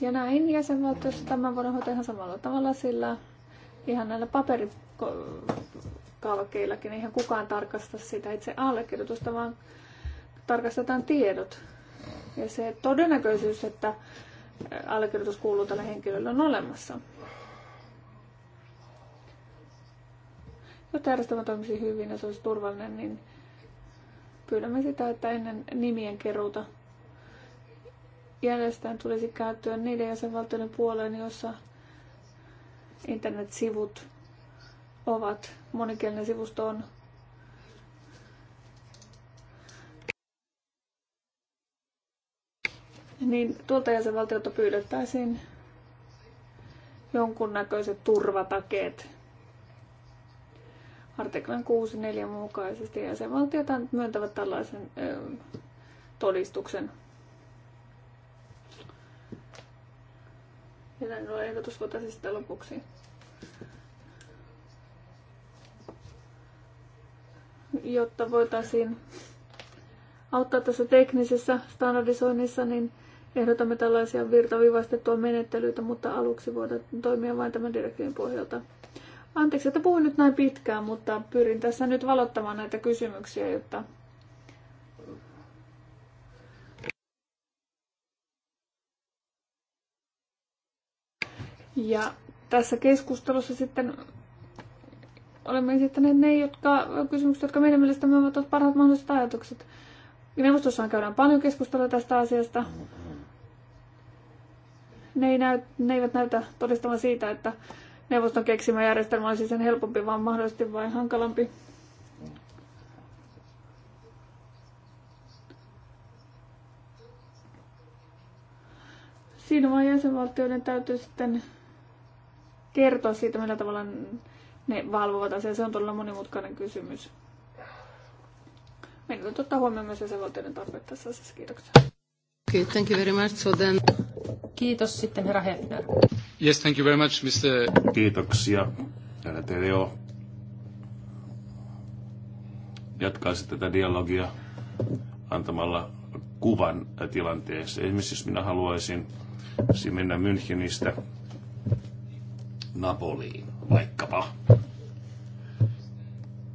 Ja näin jäsenvaltiossa tämän voidaan hoitaa ihan samalla tavalla, sillä ihan näillä paperikalkeillakin eihän kukaan tarkasta sitä itse allekirjoitusta, vaan tarkastetaan tiedot. Ja se todennäköisyys, että allekirjoitus kuuluu tälle henkilölle on olemassa. jos järjestelmä toimisi hyvin ja se olisi turvallinen, niin pyydämme sitä, että ennen nimien keruuta järjestään tulisi käyttöä niiden jäsenvaltioiden puoleen, jossa internetsivut ovat, monikielinen sivusto on niin tuolta jäsenvaltiolta pyydettäisiin jonkunnäköiset turvatakeet artiklan 6.4 mukaisesti jäsenvaltiot myöntävät tällaisen ö, todistuksen. Ja näin on ehdotus voitaisiin sitten lopuksi. Jotta voitaisiin auttaa tässä teknisessä standardisoinnissa, niin ehdotamme tällaisia virtavivaistettua menettelyitä, mutta aluksi voidaan toimia vain tämän direktiivin pohjalta. Anteeksi, että puhun nyt näin pitkään, mutta pyrin tässä nyt valottamaan näitä kysymyksiä, jotta Ja tässä keskustelussa sitten olemme esittäneet ne jotka, kysymykset, jotka meidän mielestämme ovat parhaat mahdolliset ajatukset. Neuvostossahan käydään paljon keskustelua tästä asiasta. Ne, ei näy, ne eivät näytä todistamaan siitä, että Neuvoston keksimä järjestelmä olisi sen helpompi, vaan mahdollisesti vain hankalampi. Siinä vain jäsenvaltioiden täytyy sitten kertoa siitä, millä tavalla ne valvovat asiaa. Se on todella monimutkainen kysymys. Meidän on ottaa huomioon myös jäsenvaltioiden tarpeet tässä asiassa. Kiitoksia. Okay, thank you very much. So then... Kiitos sitten herra Hefner. Yes, thank you very much, Mr. Kiitoksia, herra TDO. Jatkaisin tätä dialogia antamalla kuvan tilanteesta. Esimerkiksi jos minä haluaisin mennä Münchenistä Napoliin, vaikkapa.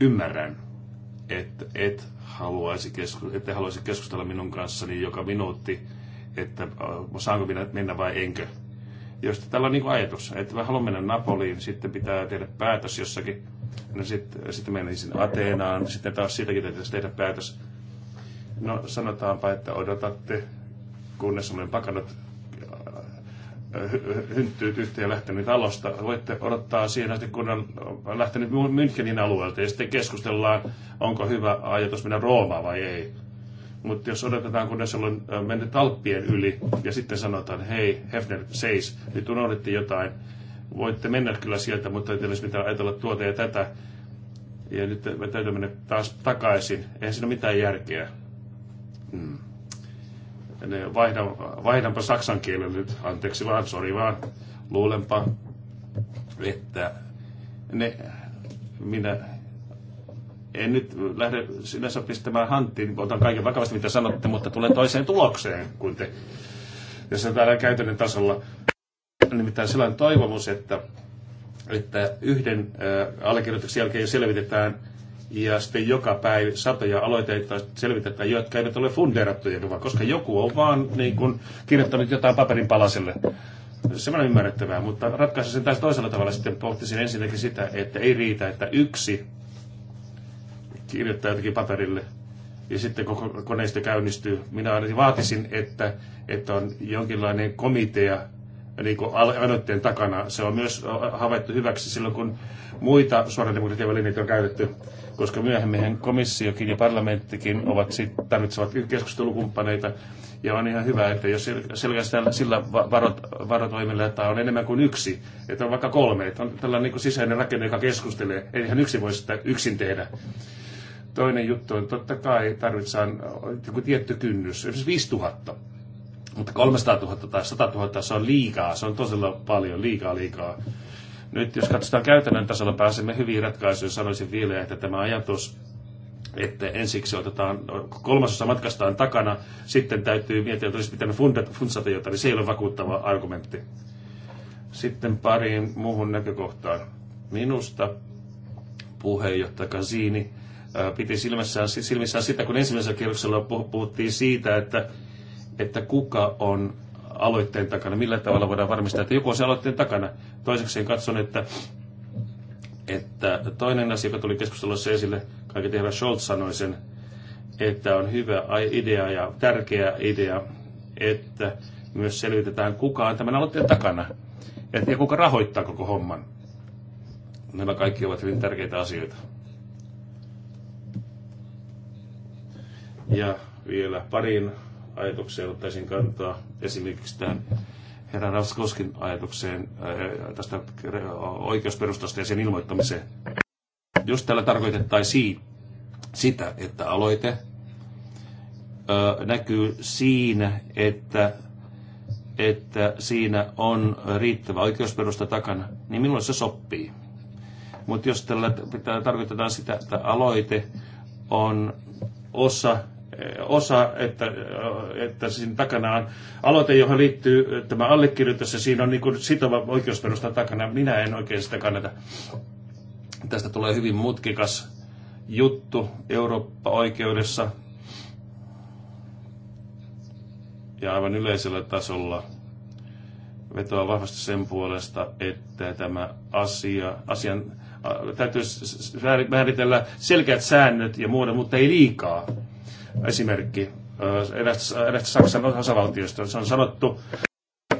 Ymmärrän, että et haluaisi, kesku, ette haluaisi keskustella minun kanssani joka minuutti, että äh, saanko minä mennä vai enkö. Jos tällä on niin ajatus, että mä haluan mennä Napoliin, sitten pitää tehdä päätös jossakin, no sitten, sit menisin Ateenaan, sitten taas siitäkin täytyisi tehdä päätös. No sanotaanpa, että odotatte, kunnes olen pakannut hynttyyt yhteen lähtenyt alosta. Voitte odottaa siihen asti, kun on lähtenyt Münchenin alueelta ja sitten keskustellaan, onko hyvä ajatus mennä Roomaan vai ei. Mutta jos odotetaan, kunnes on mennyt talppien yli ja sitten sanotaan, hei Hefner, seis, nyt unohditte jotain, voitte mennä kyllä sieltä, mutta ei teillä mitään ajatella tuota ja tätä. Ja nyt me täytyy mennä taas takaisin. Eihän siinä ole mitään järkeä. Hmm vaihdan, vaihdanpa saksan kielen nyt, anteeksi vaan, sori vaan, luulenpa, että ne, minä en nyt lähde sinänsä pistämään hanttiin, otan kaiken vakavasti mitä sanotte, mutta tulee toiseen tulokseen kuin te, jos se täällä käytännön tasolla. Nimittäin sellainen toivomus, että, että yhden äh, allekirjoituksen jälkeen selvitetään ja sitten joka päivä satoja aloitteita selvitetään, jotka eivät ole fundeerattuja, koska joku on vaan niin kuin, kirjoittanut jotain paperin palaselle. Se on ymmärrettävää, mutta sen taas toisella tavalla sitten pohtisin ensinnäkin sitä, että ei riitä, että yksi kirjoittaa jotakin paperille ja sitten koko koneisto käynnistyy. Minä ainakin vaatisin, että, että on jonkinlainen komitea, niin kuin aloitteen takana. Se on myös havaittu hyväksi silloin, kun muita suoran välineitä on käytetty, koska myöhemmin komissiokin ja parlamenttikin ovat sit, tarvitsevat keskustelukumppaneita. Ja on ihan hyvä, että jos selkeästi sillä varot, varotoimilla, että on enemmän kuin yksi, että on vaikka kolme, että on tällainen niin kuin sisäinen rakenne, joka keskustelee. Eihän yksi voi sitä yksin tehdä. Toinen juttu on, totta kai tarvitsaan joku tietty kynnys, esimerkiksi 5000 mutta 300 000 tai 100 000, se on liikaa, se on todella paljon, liikaa liikaa. Nyt jos katsotaan käytännön tasolla, pääsemme hyviin ratkaisuihin. Sanoisin vielä, että tämä ajatus että ensiksi otetaan kolmasosa matkastaan takana, sitten täytyy miettiä, että olisi pitänyt funtsata jotain, niin se ei ole vakuuttava argumentti. Sitten pariin muuhun näkökohtaan. Minusta puheenjohtaja Kasini piti silmissään, silmissään sitä, kun ensimmäisellä kierroksella puhuttiin siitä, että että kuka on aloitteen takana, millä tavalla voidaan varmistaa, että joku on se aloitteen takana. Toiseksi katson, että, että toinen asia, joka tuli keskustelussa esille, kaiken herra Scholz sanoi sen, että on hyvä idea ja tärkeä idea, että myös selvitetään, kuka on tämän aloitteen takana että, ja kuka rahoittaa koko homman. Nämä kaikki ovat hyvin tärkeitä asioita. Ja vielä pariin ajatukseen ottaisin kantaa esimerkiksi tähän herran Raskoskin ajatukseen äh, tästä oikeusperustasta ja sen ilmoittamiseen. Jos tällä tarkoitettaisiin sitä, että aloite äh, näkyy siinä, että, että siinä on riittävä oikeusperusta takana, niin minulle se sopii. Mutta jos tällä pitää, tarkoitetaan sitä, että aloite on osa osa, että, että siinä takana on aloite, johon liittyy tämä allekirjoitus, ja siinä on niin kuin sitova oikeusperusta takana. Minä en oikein sitä kannata. Tästä tulee hyvin mutkikas juttu Eurooppa-oikeudessa ja aivan yleisellä tasolla vetoa vahvasti sen puolesta, että tämä asia, asian täytyy määritellä selkeät säännöt ja muuta, mutta ei liikaa esimerkki äh, edestä Saksan osavaltiosta. Se on sanottu,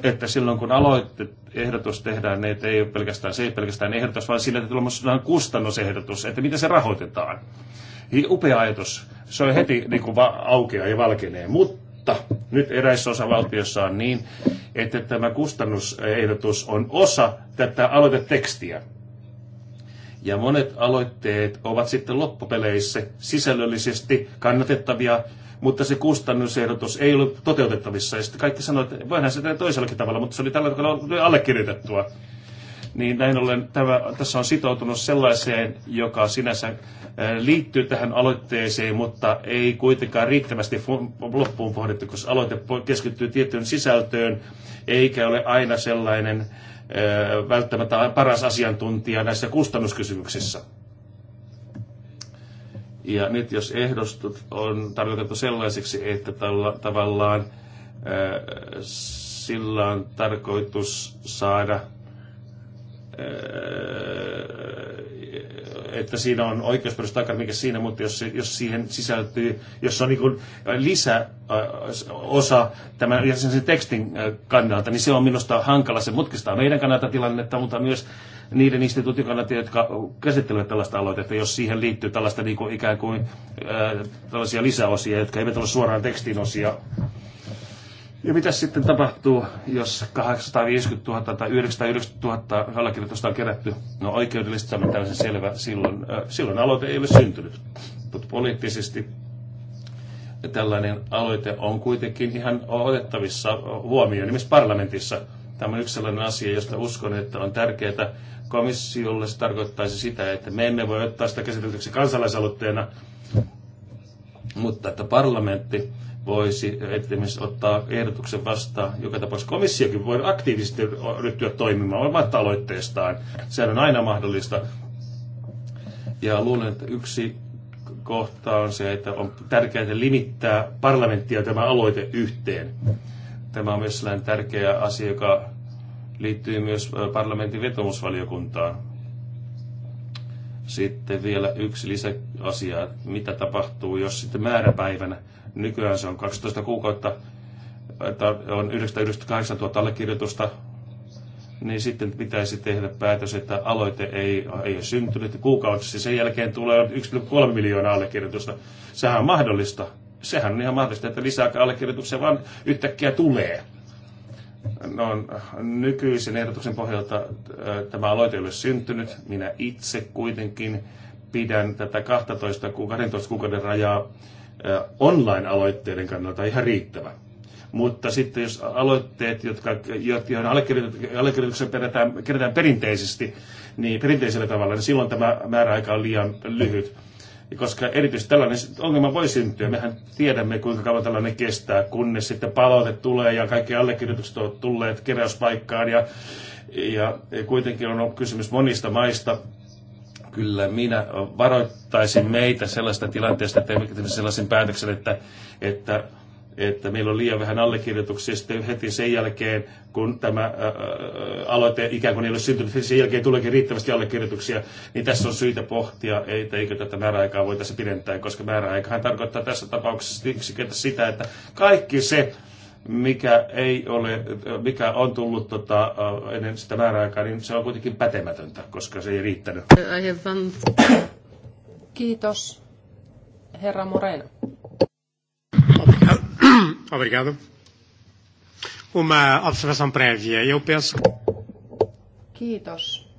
että silloin kun aloitte ehdotus tehdään, niin ei ole pelkästään, se ei pelkästään ehdotus, vaan sillä tulee myös kustannusehdotus, että miten se rahoitetaan. Upea ajatus. Se on heti niin kuin va- aukeaa ja valkenee. Mutta nyt eräissä osavaltiossa on niin, että tämä kustannusehdotus on osa tätä aloitetekstiä. Ja monet aloitteet ovat sitten loppupeleissä sisällöllisesti kannatettavia, mutta se kustannusehdotus ei ollut toteutettavissa. Ja sitten kaikki sanoivat, että voidaan se tehdä toisellakin tavalla, mutta se oli tällä tavalla allekirjoitettua. Niin näin ollen tämä, tässä on sitoutunut sellaiseen, joka sinänsä liittyy tähän aloitteeseen, mutta ei kuitenkaan riittävästi loppuun pohdittu, koska aloite keskittyy tiettyyn sisältöön, eikä ole aina sellainen, välttämättä paras asiantuntija näissä kustannuskysymyksissä. Ja nyt jos ehdostut on tarkoitettu sellaisiksi, että tällä, tavallaan sillä on tarkoitus saada että siinä on oikeusperusta aika, mikä siinä, mutta jos, se, jos siihen sisältyy, jos on niin lisäosa tämän sen, sen tekstin kannalta, niin se on minusta hankala. Se mutkistaa meidän kannalta tilannetta, mutta myös niiden instituutin kannalta, jotka käsittelevät tällaista aloitetta, jos siihen liittyy tällaista niin kuin ikään kuin ää, tällaisia lisäosia, jotka eivät ole suoraan tekstin osia, ja mitä sitten tapahtuu, jos 850 000 tai 990 000 allekirjoitusta on kerätty? No oikeudellisesti se on täysin selvä. Silloin, äh, silloin aloite ei ole syntynyt. Mutta poliittisesti tällainen aloite on kuitenkin ihan otettavissa huomioon, nimessä parlamentissa. Tämä on yksi sellainen asia, josta uskon, että on tärkeää komissiolle. Se tarkoittaisi sitä, että me emme voi ottaa sitä käsiteltäväksi kansalaisaloitteena, mutta että parlamentti voisi esimerkiksi ottaa ehdotuksen vastaan. Joka tapauksessa komissiokin voi aktiivisesti ryhtyä toimimaan omasta aloitteestaan. Sehän on aina mahdollista. Ja luulen, että yksi kohta on se, että on tärkeää limittää parlamenttia tämä aloite yhteen. Tämä on myös sellainen tärkeä asia, joka liittyy myös parlamentin vetomusvaliokuntaan. Sitten vielä yksi lisäasia, mitä tapahtuu, jos sitten määräpäivänä Nykyään se on 12 kuukautta, että on 998 000 allekirjoitusta, niin sitten pitäisi tehdä päätös, että aloite ei, ei ole syntynyt kuukaudessa. Sen jälkeen tulee 1,3 miljoonaa allekirjoitusta. Sehän on mahdollista. Sehän on ihan mahdollista, että lisää allekirjoituksia vaan yhtäkkiä tulee. No, nykyisen ehdotuksen pohjalta äh, tämä aloite ei ole syntynyt. Minä itse kuitenkin pidän tätä 12 kuukauden, 12 kuukauden rajaa online-aloitteiden kannalta ihan riittävä. Mutta sitten jos aloitteet, jotka, joihin allekirjoituksen kerätään, kerätään perinteisesti, niin perinteisellä tavalla, niin silloin tämä määräaika on liian lyhyt. Koska erityisesti tällainen ongelma voi syntyä. Mehän tiedämme, kuinka kauan tällainen kestää, kunnes sitten palaute tulee ja kaikki allekirjoitukset ovat tulleet keräyspaikkaan. Ja, ja kuitenkin on kysymys monista maista, kyllä minä varoittaisin meitä sellaista tilanteesta, että teemme sellaisen päätöksen, että, että että meillä on liian vähän allekirjoituksia sitten heti sen jälkeen, kun tämä ää, aloite ikään kuin ei ole syntynyt, sen jälkeen tuleekin riittävästi allekirjoituksia, niin tässä on syytä pohtia, että eikö tätä määräaikaa voitaisiin pidentää, koska määräaikahan tarkoittaa tässä tapauksessa sitä, että kaikki se, mikä, ei ole, mikä on tullut tota, äh, ennen sitä määräaikaa, niin se on kuitenkin pätemätöntä, koska se ei riittänyt. Kiitos, herra Moreno. Obrigado. Uma observação prévia. Eu penso... Kiitos.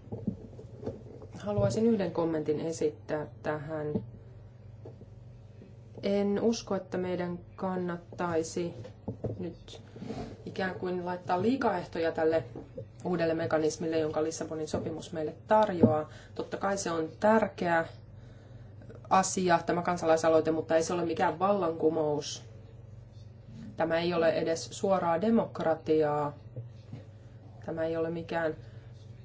Haluaisin yhden kommentin esittää tähän. En usko, että meidän kannattaisi nyt ikään kuin laittaa liikaehtoja tälle uudelle mekanismille, jonka Lissabonin sopimus meille tarjoaa. Totta kai se on tärkeä asia, tämä kansalaisaloite, mutta ei se ole mikään vallankumous. Tämä ei ole edes suoraa demokratiaa. Tämä ei ole mikään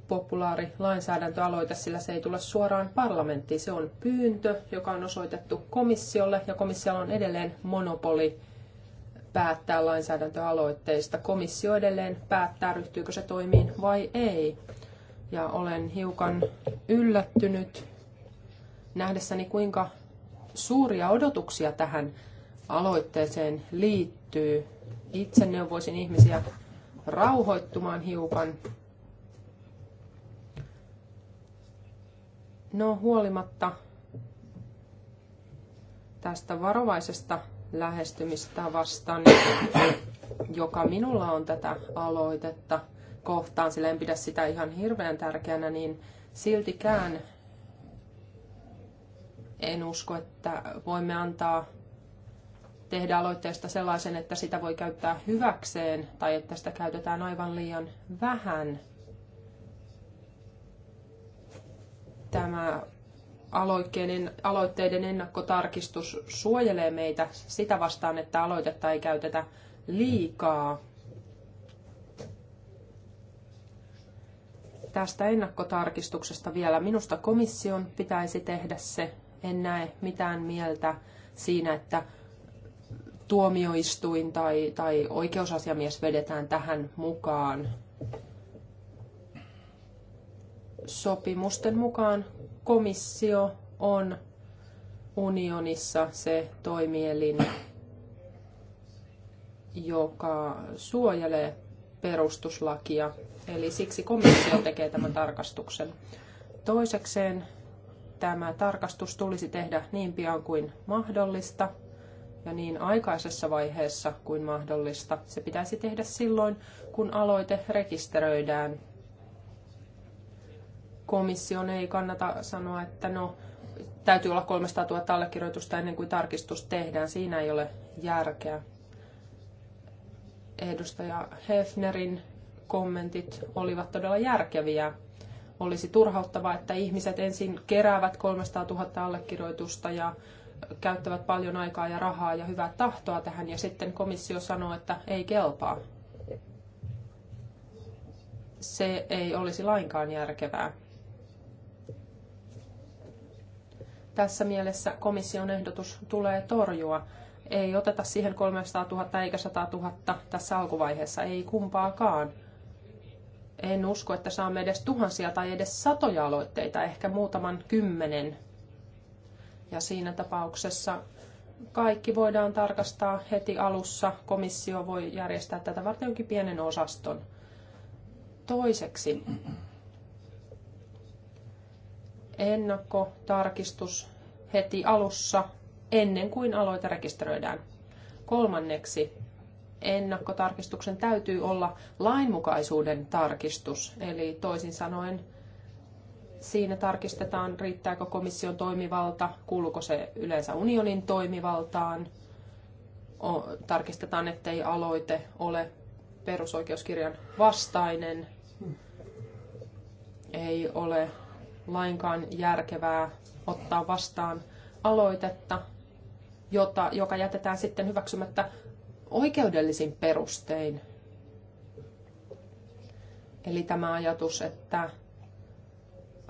populaari lainsäädäntöaloite, sillä se ei tule suoraan parlamenttiin. Se on pyyntö, joka on osoitettu komissiolle, ja komissiolla on edelleen monopoli päättää lainsäädäntöaloitteista. Komissio edelleen päättää, ryhtyykö se toimiin vai ei. Ja olen hiukan yllättynyt nähdessäni, kuinka suuria odotuksia tähän aloitteeseen liittyy. Itse neuvoisin ihmisiä rauhoittumaan hiukan. No huolimatta tästä varovaisesta lähestymistavastani, niin joka minulla on tätä aloitetta kohtaan, sillä en pidä sitä ihan hirveän tärkeänä, niin siltikään en usko, että voimme antaa tehdä aloitteesta sellaisen, että sitä voi käyttää hyväkseen tai että sitä käytetään aivan liian vähän. Tämä aloitteiden ennakkotarkistus suojelee meitä sitä vastaan, että aloitetta ei käytetä liikaa. Tästä ennakkotarkistuksesta vielä minusta komission pitäisi tehdä se. En näe mitään mieltä siinä, että tuomioistuin tai, tai oikeusasiamies vedetään tähän mukaan. Sopimusten mukaan komissio on unionissa se toimielin, joka suojelee perustuslakia. Eli siksi komissio tekee tämän tarkastuksen. Toisekseen tämä tarkastus tulisi tehdä niin pian kuin mahdollista ja niin aikaisessa vaiheessa kuin mahdollista. Se pitäisi tehdä silloin, kun aloite rekisteröidään komission ei kannata sanoa, että no, täytyy olla 300 000 allekirjoitusta ennen kuin tarkistus tehdään. Siinä ei ole järkeä. Edustaja Hefnerin kommentit olivat todella järkeviä. Olisi turhauttavaa, että ihmiset ensin keräävät 300 000 allekirjoitusta ja käyttävät paljon aikaa ja rahaa ja hyvää tahtoa tähän, ja sitten komissio sanoo, että ei kelpaa. Se ei olisi lainkaan järkevää. Tässä mielessä komission ehdotus tulee torjua. Ei oteta siihen 300 000 eikä 100 000 tässä alkuvaiheessa, ei kumpaakaan. En usko, että saamme edes tuhansia tai edes satoja aloitteita, ehkä muutaman kymmenen. Ja siinä tapauksessa kaikki voidaan tarkastaa heti alussa. Komissio voi järjestää tätä varten jonkin pienen osaston. Toiseksi ennakkotarkistus heti alussa ennen kuin aloite rekisteröidään. Kolmanneksi ennakkotarkistuksen täytyy olla lainmukaisuuden tarkistus, eli toisin sanoen siinä tarkistetaan, riittääkö komission toimivalta, kuuluuko se yleensä unionin toimivaltaan, tarkistetaan, ettei aloite ole perusoikeuskirjan vastainen, ei ole lainkaan järkevää ottaa vastaan aloitetta, jota, joka jätetään sitten hyväksymättä oikeudellisin perustein. Eli tämä ajatus, että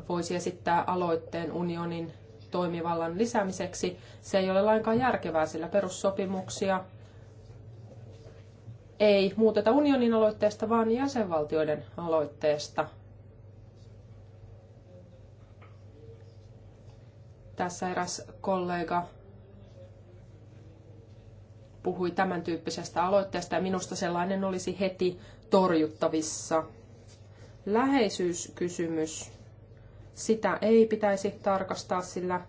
voisi esittää aloitteen unionin toimivallan lisäämiseksi, se ei ole lainkaan järkevää, sillä perussopimuksia ei muuteta unionin aloitteesta, vaan jäsenvaltioiden aloitteesta – Tässä eräs kollega puhui tämän tyyppisestä aloitteesta ja minusta sellainen olisi heti torjuttavissa. Läheisyyskysymys. Sitä ei pitäisi tarkastaa, sillä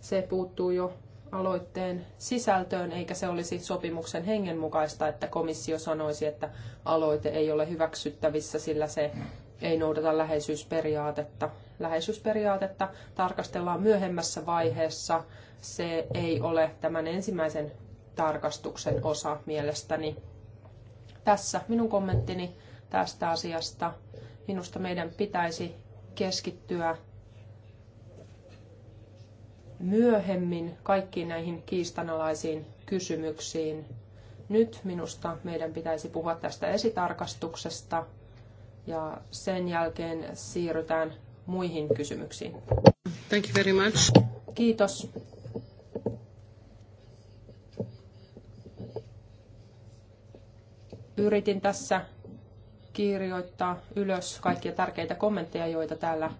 se puuttuu jo aloitteen sisältöön, eikä se olisi sopimuksen hengen mukaista, että komissio sanoisi, että aloite ei ole hyväksyttävissä, sillä se ei noudata läheisyysperiaatetta läheisyysperiaatetta tarkastellaan myöhemmässä vaiheessa. Se ei ole tämän ensimmäisen tarkastuksen osa mielestäni. Tässä minun kommenttini tästä asiasta. Minusta meidän pitäisi keskittyä myöhemmin kaikkiin näihin kiistanalaisiin kysymyksiin. Nyt minusta meidän pitäisi puhua tästä esitarkastuksesta ja sen jälkeen siirrytään muihin kysymyksiin. Thank you very much. Kiitos. Yritin tässä kirjoittaa ylös kaikkia tärkeitä kommentteja, joita täällä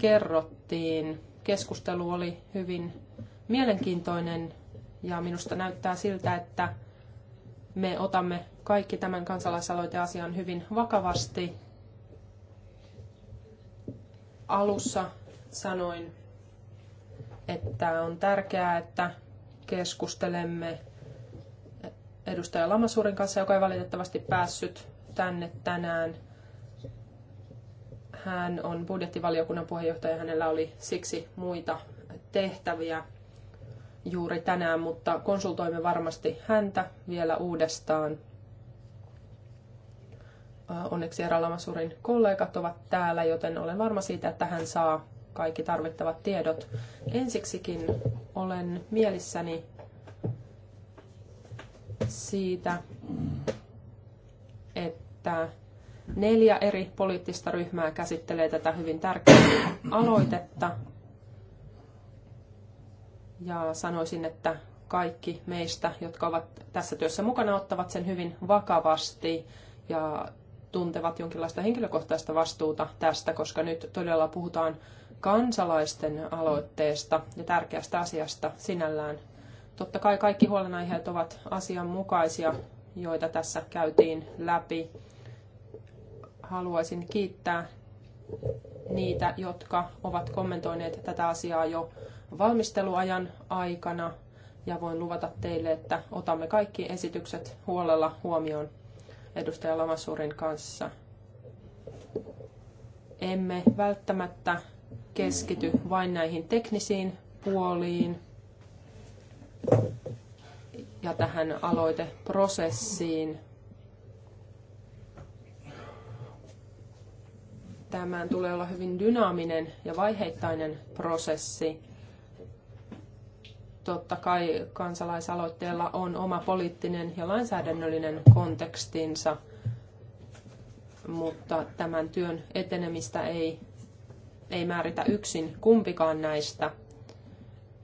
kerrottiin. Keskustelu oli hyvin mielenkiintoinen ja minusta näyttää siltä, että me otamme kaikki tämän kansalaisaloiteasian hyvin vakavasti alussa sanoin, että on tärkeää, että keskustelemme edustaja Lamasurin kanssa, joka ei valitettavasti päässyt tänne tänään. Hän on budjettivaliokunnan puheenjohtaja, hänellä oli siksi muita tehtäviä juuri tänään, mutta konsultoimme varmasti häntä vielä uudestaan Onneksi Eralamasurin kollegat ovat täällä, joten olen varma siitä, että hän saa kaikki tarvittavat tiedot. Ensiksikin olen mielissäni siitä, että neljä eri poliittista ryhmää käsittelee tätä hyvin tärkeää aloitetta. Ja sanoisin, että kaikki meistä, jotka ovat tässä työssä mukana, ottavat sen hyvin vakavasti ja tuntevat jonkinlaista henkilökohtaista vastuuta tästä, koska nyt todella puhutaan kansalaisten aloitteesta ja tärkeästä asiasta sinällään. Totta kai kaikki huolenaiheet ovat asianmukaisia, joita tässä käytiin läpi. Haluaisin kiittää niitä, jotka ovat kommentoineet tätä asiaa jo valmisteluajan aikana ja voin luvata teille, että otamme kaikki esitykset huolella huomioon edustaja Lomasurin kanssa. Emme välttämättä keskity vain näihin teknisiin puoliin ja tähän aloiteprosessiin. Tämän tulee olla hyvin dynaaminen ja vaiheittainen prosessi totta kai kansalaisaloitteella on oma poliittinen ja lainsäädännöllinen kontekstinsa, mutta tämän työn etenemistä ei, ei määritä yksin kumpikaan näistä.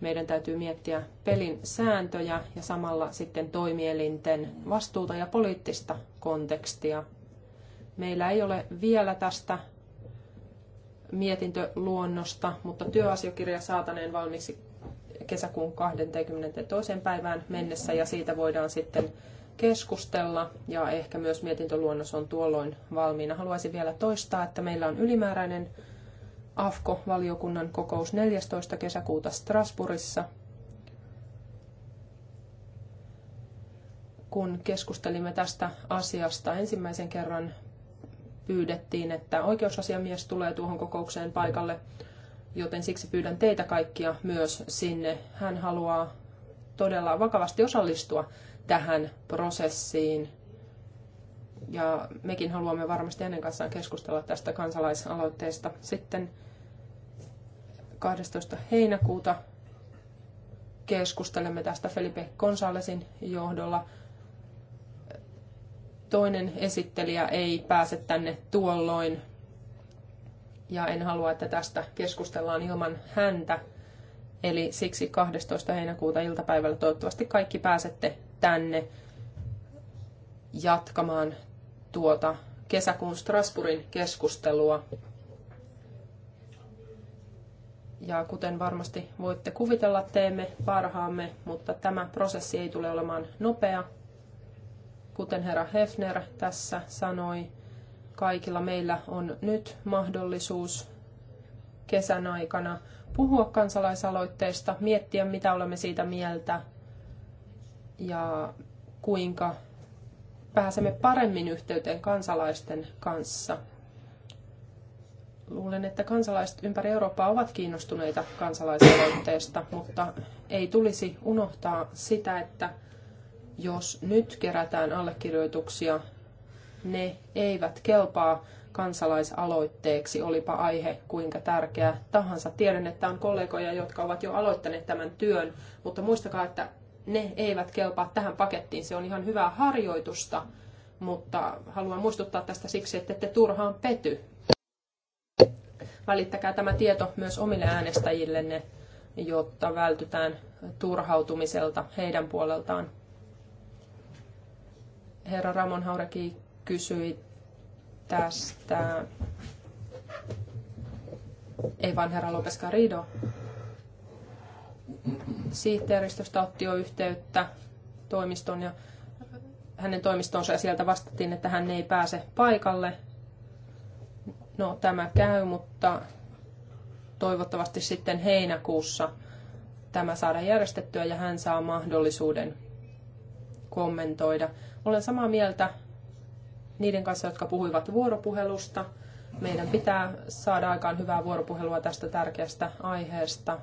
Meidän täytyy miettiä pelin sääntöjä ja samalla sitten toimielinten vastuuta ja poliittista kontekstia. Meillä ei ole vielä tästä mietintöluonnosta, mutta työasiakirja saataneen valmiiksi kesäkuun 22. päivään mennessä ja siitä voidaan sitten keskustella ja ehkä myös mietintöluonnos on tuolloin valmiina. Haluaisin vielä toistaa, että meillä on ylimääräinen AFKO-valiokunnan kokous 14. kesäkuuta Strasbourgissa. Kun keskustelimme tästä asiasta ensimmäisen kerran, pyydettiin, että oikeusasiamies tulee tuohon kokoukseen paikalle joten siksi pyydän teitä kaikkia myös sinne. Hän haluaa todella vakavasti osallistua tähän prosessiin. Ja mekin haluamme varmasti hänen kanssaan keskustella tästä kansalaisaloitteesta. Sitten 12. heinäkuuta keskustelemme tästä Felipe Gonzalesin johdolla. Toinen esittelijä ei pääse tänne tuolloin, ja en halua, että tästä keskustellaan ilman häntä. Eli siksi 12. heinäkuuta iltapäivällä toivottavasti kaikki pääsette tänne jatkamaan tuota kesäkuun Strasbourgin keskustelua. Ja kuten varmasti voitte kuvitella, teemme parhaamme, mutta tämä prosessi ei tule olemaan nopea. Kuten herra Hefner tässä sanoi, kaikilla meillä on nyt mahdollisuus kesän aikana puhua kansalaisaloitteesta, miettiä mitä olemme siitä mieltä ja kuinka pääsemme paremmin yhteyteen kansalaisten kanssa. Luulen, että kansalaiset ympäri Eurooppaa ovat kiinnostuneita kansalaisaloitteesta, mutta ei tulisi unohtaa sitä, että jos nyt kerätään allekirjoituksia ne eivät kelpaa kansalaisaloitteeksi, olipa aihe kuinka tärkeä tahansa. Tiedän, että on kollegoja, jotka ovat jo aloittaneet tämän työn, mutta muistakaa, että ne eivät kelpaa tähän pakettiin. Se on ihan hyvää harjoitusta, mutta haluan muistuttaa tästä siksi, että ette turhaan pety. Välittäkää tämä tieto myös omille äänestäjillenne, jotta vältytään turhautumiselta heidän puoleltaan. Herra Ramon Haureki kysyi tästä, ei vaan herra Lopes Garrido. sihteeristöstä otti jo yhteyttä toimiston ja hänen toimistonsa ja sieltä vastattiin, että hän ei pääse paikalle. No tämä käy, mutta toivottavasti sitten heinäkuussa tämä saada järjestettyä ja hän saa mahdollisuuden kommentoida. Olen samaa mieltä niiden kanssa, jotka puhuivat vuoropuhelusta. Meidän pitää saada aikaan hyvää vuoropuhelua tästä tärkeästä aiheesta.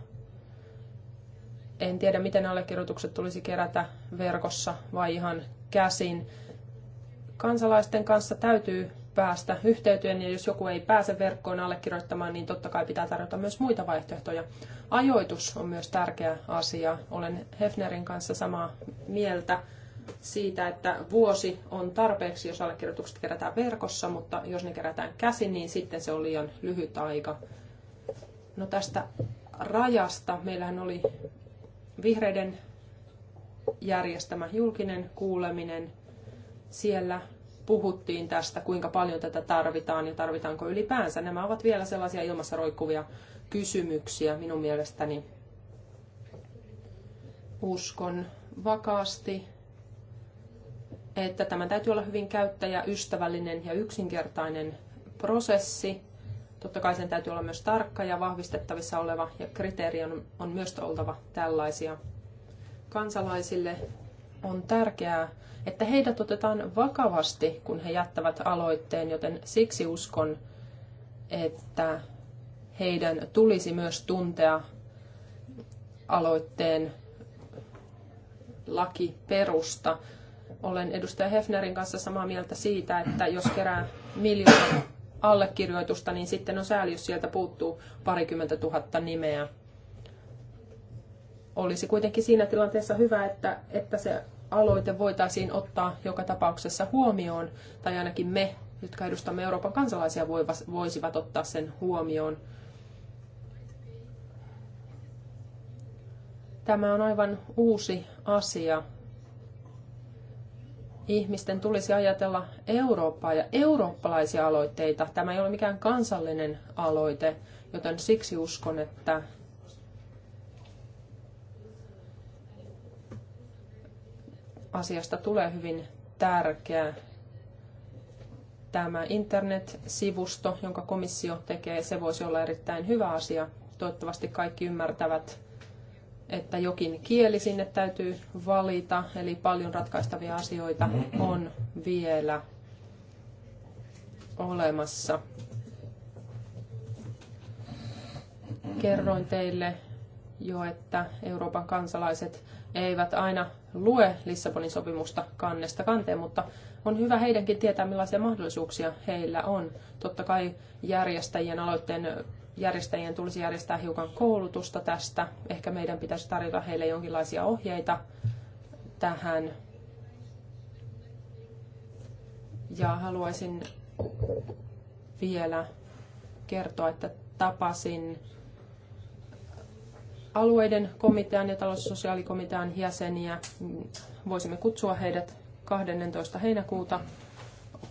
En tiedä, miten allekirjoitukset tulisi kerätä verkossa vai ihan käsin. Kansalaisten kanssa täytyy päästä yhteyteen ja jos joku ei pääse verkkoon allekirjoittamaan, niin totta kai pitää tarjota myös muita vaihtoehtoja. Ajoitus on myös tärkeä asia. Olen Hefnerin kanssa samaa mieltä siitä, että vuosi on tarpeeksi, jos allekirjoitukset kerätään verkossa, mutta jos ne kerätään käsin, niin sitten se on liian lyhyt aika. No tästä rajasta meillähän oli vihreiden järjestämä julkinen kuuleminen. Siellä puhuttiin tästä, kuinka paljon tätä tarvitaan ja tarvitaanko ylipäänsä. Nämä ovat vielä sellaisia ilmassa roikkuvia kysymyksiä minun mielestäni. Uskon vakaasti että tämä täytyy olla hyvin käyttäjäystävällinen ja yksinkertainen prosessi. Totta kai sen täytyy olla myös tarkka ja vahvistettavissa oleva ja on, on myös oltava tällaisia. Kansalaisille on tärkeää, että heidät otetaan vakavasti, kun he jättävät aloitteen, joten siksi uskon, että heidän tulisi myös tuntea aloitteen lakiperusta olen edustaja Hefnerin kanssa samaa mieltä siitä, että jos kerää miljoona allekirjoitusta, niin sitten on sääli, jos sieltä puuttuu parikymmentä tuhatta nimeä. Olisi kuitenkin siinä tilanteessa hyvä, että, että se aloite voitaisiin ottaa joka tapauksessa huomioon, tai ainakin me, jotka edustamme Euroopan kansalaisia, voisivat ottaa sen huomioon. Tämä on aivan uusi asia ihmisten tulisi ajatella Eurooppaa ja eurooppalaisia aloitteita. Tämä ei ole mikään kansallinen aloite, joten siksi uskon, että asiasta tulee hyvin tärkeä. Tämä internet-sivusto, jonka komissio tekee, se voisi olla erittäin hyvä asia. Toivottavasti kaikki ymmärtävät, että jokin kieli sinne täytyy valita, eli paljon ratkaistavia asioita on vielä olemassa. Kerroin teille jo, että Euroopan kansalaiset eivät aina lue Lissabonin sopimusta kannesta kanteen, mutta on hyvä heidänkin tietää, millaisia mahdollisuuksia heillä on. Totta kai järjestäjien aloitteen järjestäjien tulisi järjestää hiukan koulutusta tästä. Ehkä meidän pitäisi tarjota heille jonkinlaisia ohjeita tähän. Ja haluaisin vielä kertoa, että tapasin alueiden komitean ja talous- ja sosiaalikomitean jäseniä. Voisimme kutsua heidät 12. heinäkuuta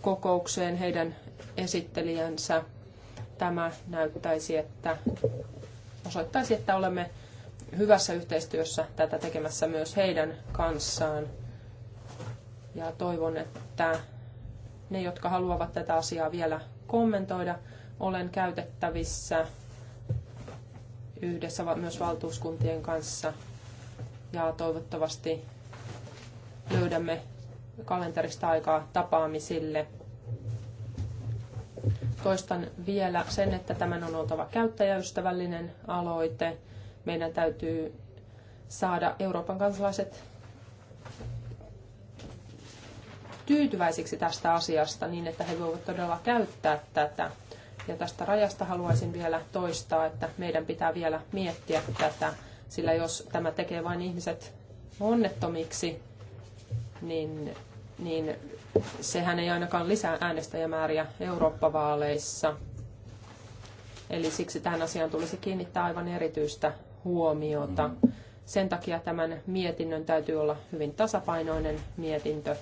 kokoukseen heidän esittelijänsä Tämä näyttäisi, että osoittaisi, että olemme hyvässä yhteistyössä tätä tekemässä myös heidän kanssaan. Ja toivon, että ne, jotka haluavat tätä asiaa vielä kommentoida, olen käytettävissä yhdessä myös valtuuskuntien kanssa. Ja toivottavasti löydämme kalenterista aikaa tapaamisille. Toistan vielä sen, että tämän on oltava käyttäjäystävällinen aloite. Meidän täytyy saada Euroopan kansalaiset tyytyväisiksi tästä asiasta niin, että he voivat todella käyttää tätä. Ja tästä rajasta haluaisin vielä toistaa, että meidän pitää vielä miettiä tätä, sillä jos tämä tekee vain ihmiset onnettomiksi, niin, niin sehän ei ainakaan lisää äänestäjämääriä Eurooppa-vaaleissa. Eli siksi tähän asiaan tulisi kiinnittää aivan erityistä huomiota. Sen takia tämän mietinnön täytyy olla hyvin tasapainoinen mietintö.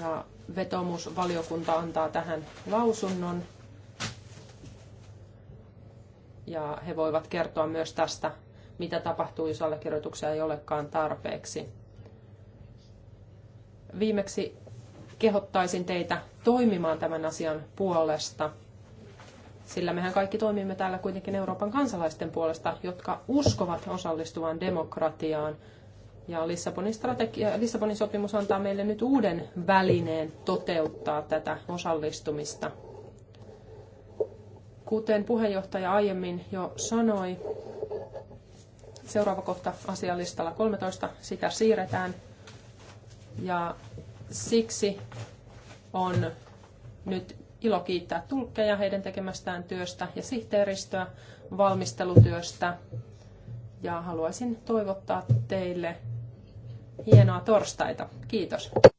Ja vetomusvaliokunta antaa tähän lausunnon. Ja he voivat kertoa myös tästä, mitä tapahtuu, jos allekirjoituksia ei olekaan tarpeeksi viimeksi kehottaisin teitä toimimaan tämän asian puolesta, sillä mehän kaikki toimimme täällä kuitenkin Euroopan kansalaisten puolesta, jotka uskovat osallistuvan demokratiaan. Ja Lissabonin, strategia, Lissabonin sopimus antaa meille nyt uuden välineen toteuttaa tätä osallistumista. Kuten puheenjohtaja aiemmin jo sanoi, seuraava kohta asialistalla 13, sitä siirretään ja siksi on nyt ilo kiittää tulkkeja heidän tekemästään työstä ja sihteeristöä valmistelutyöstä. Ja haluaisin toivottaa teille hienoa torstaita. Kiitos.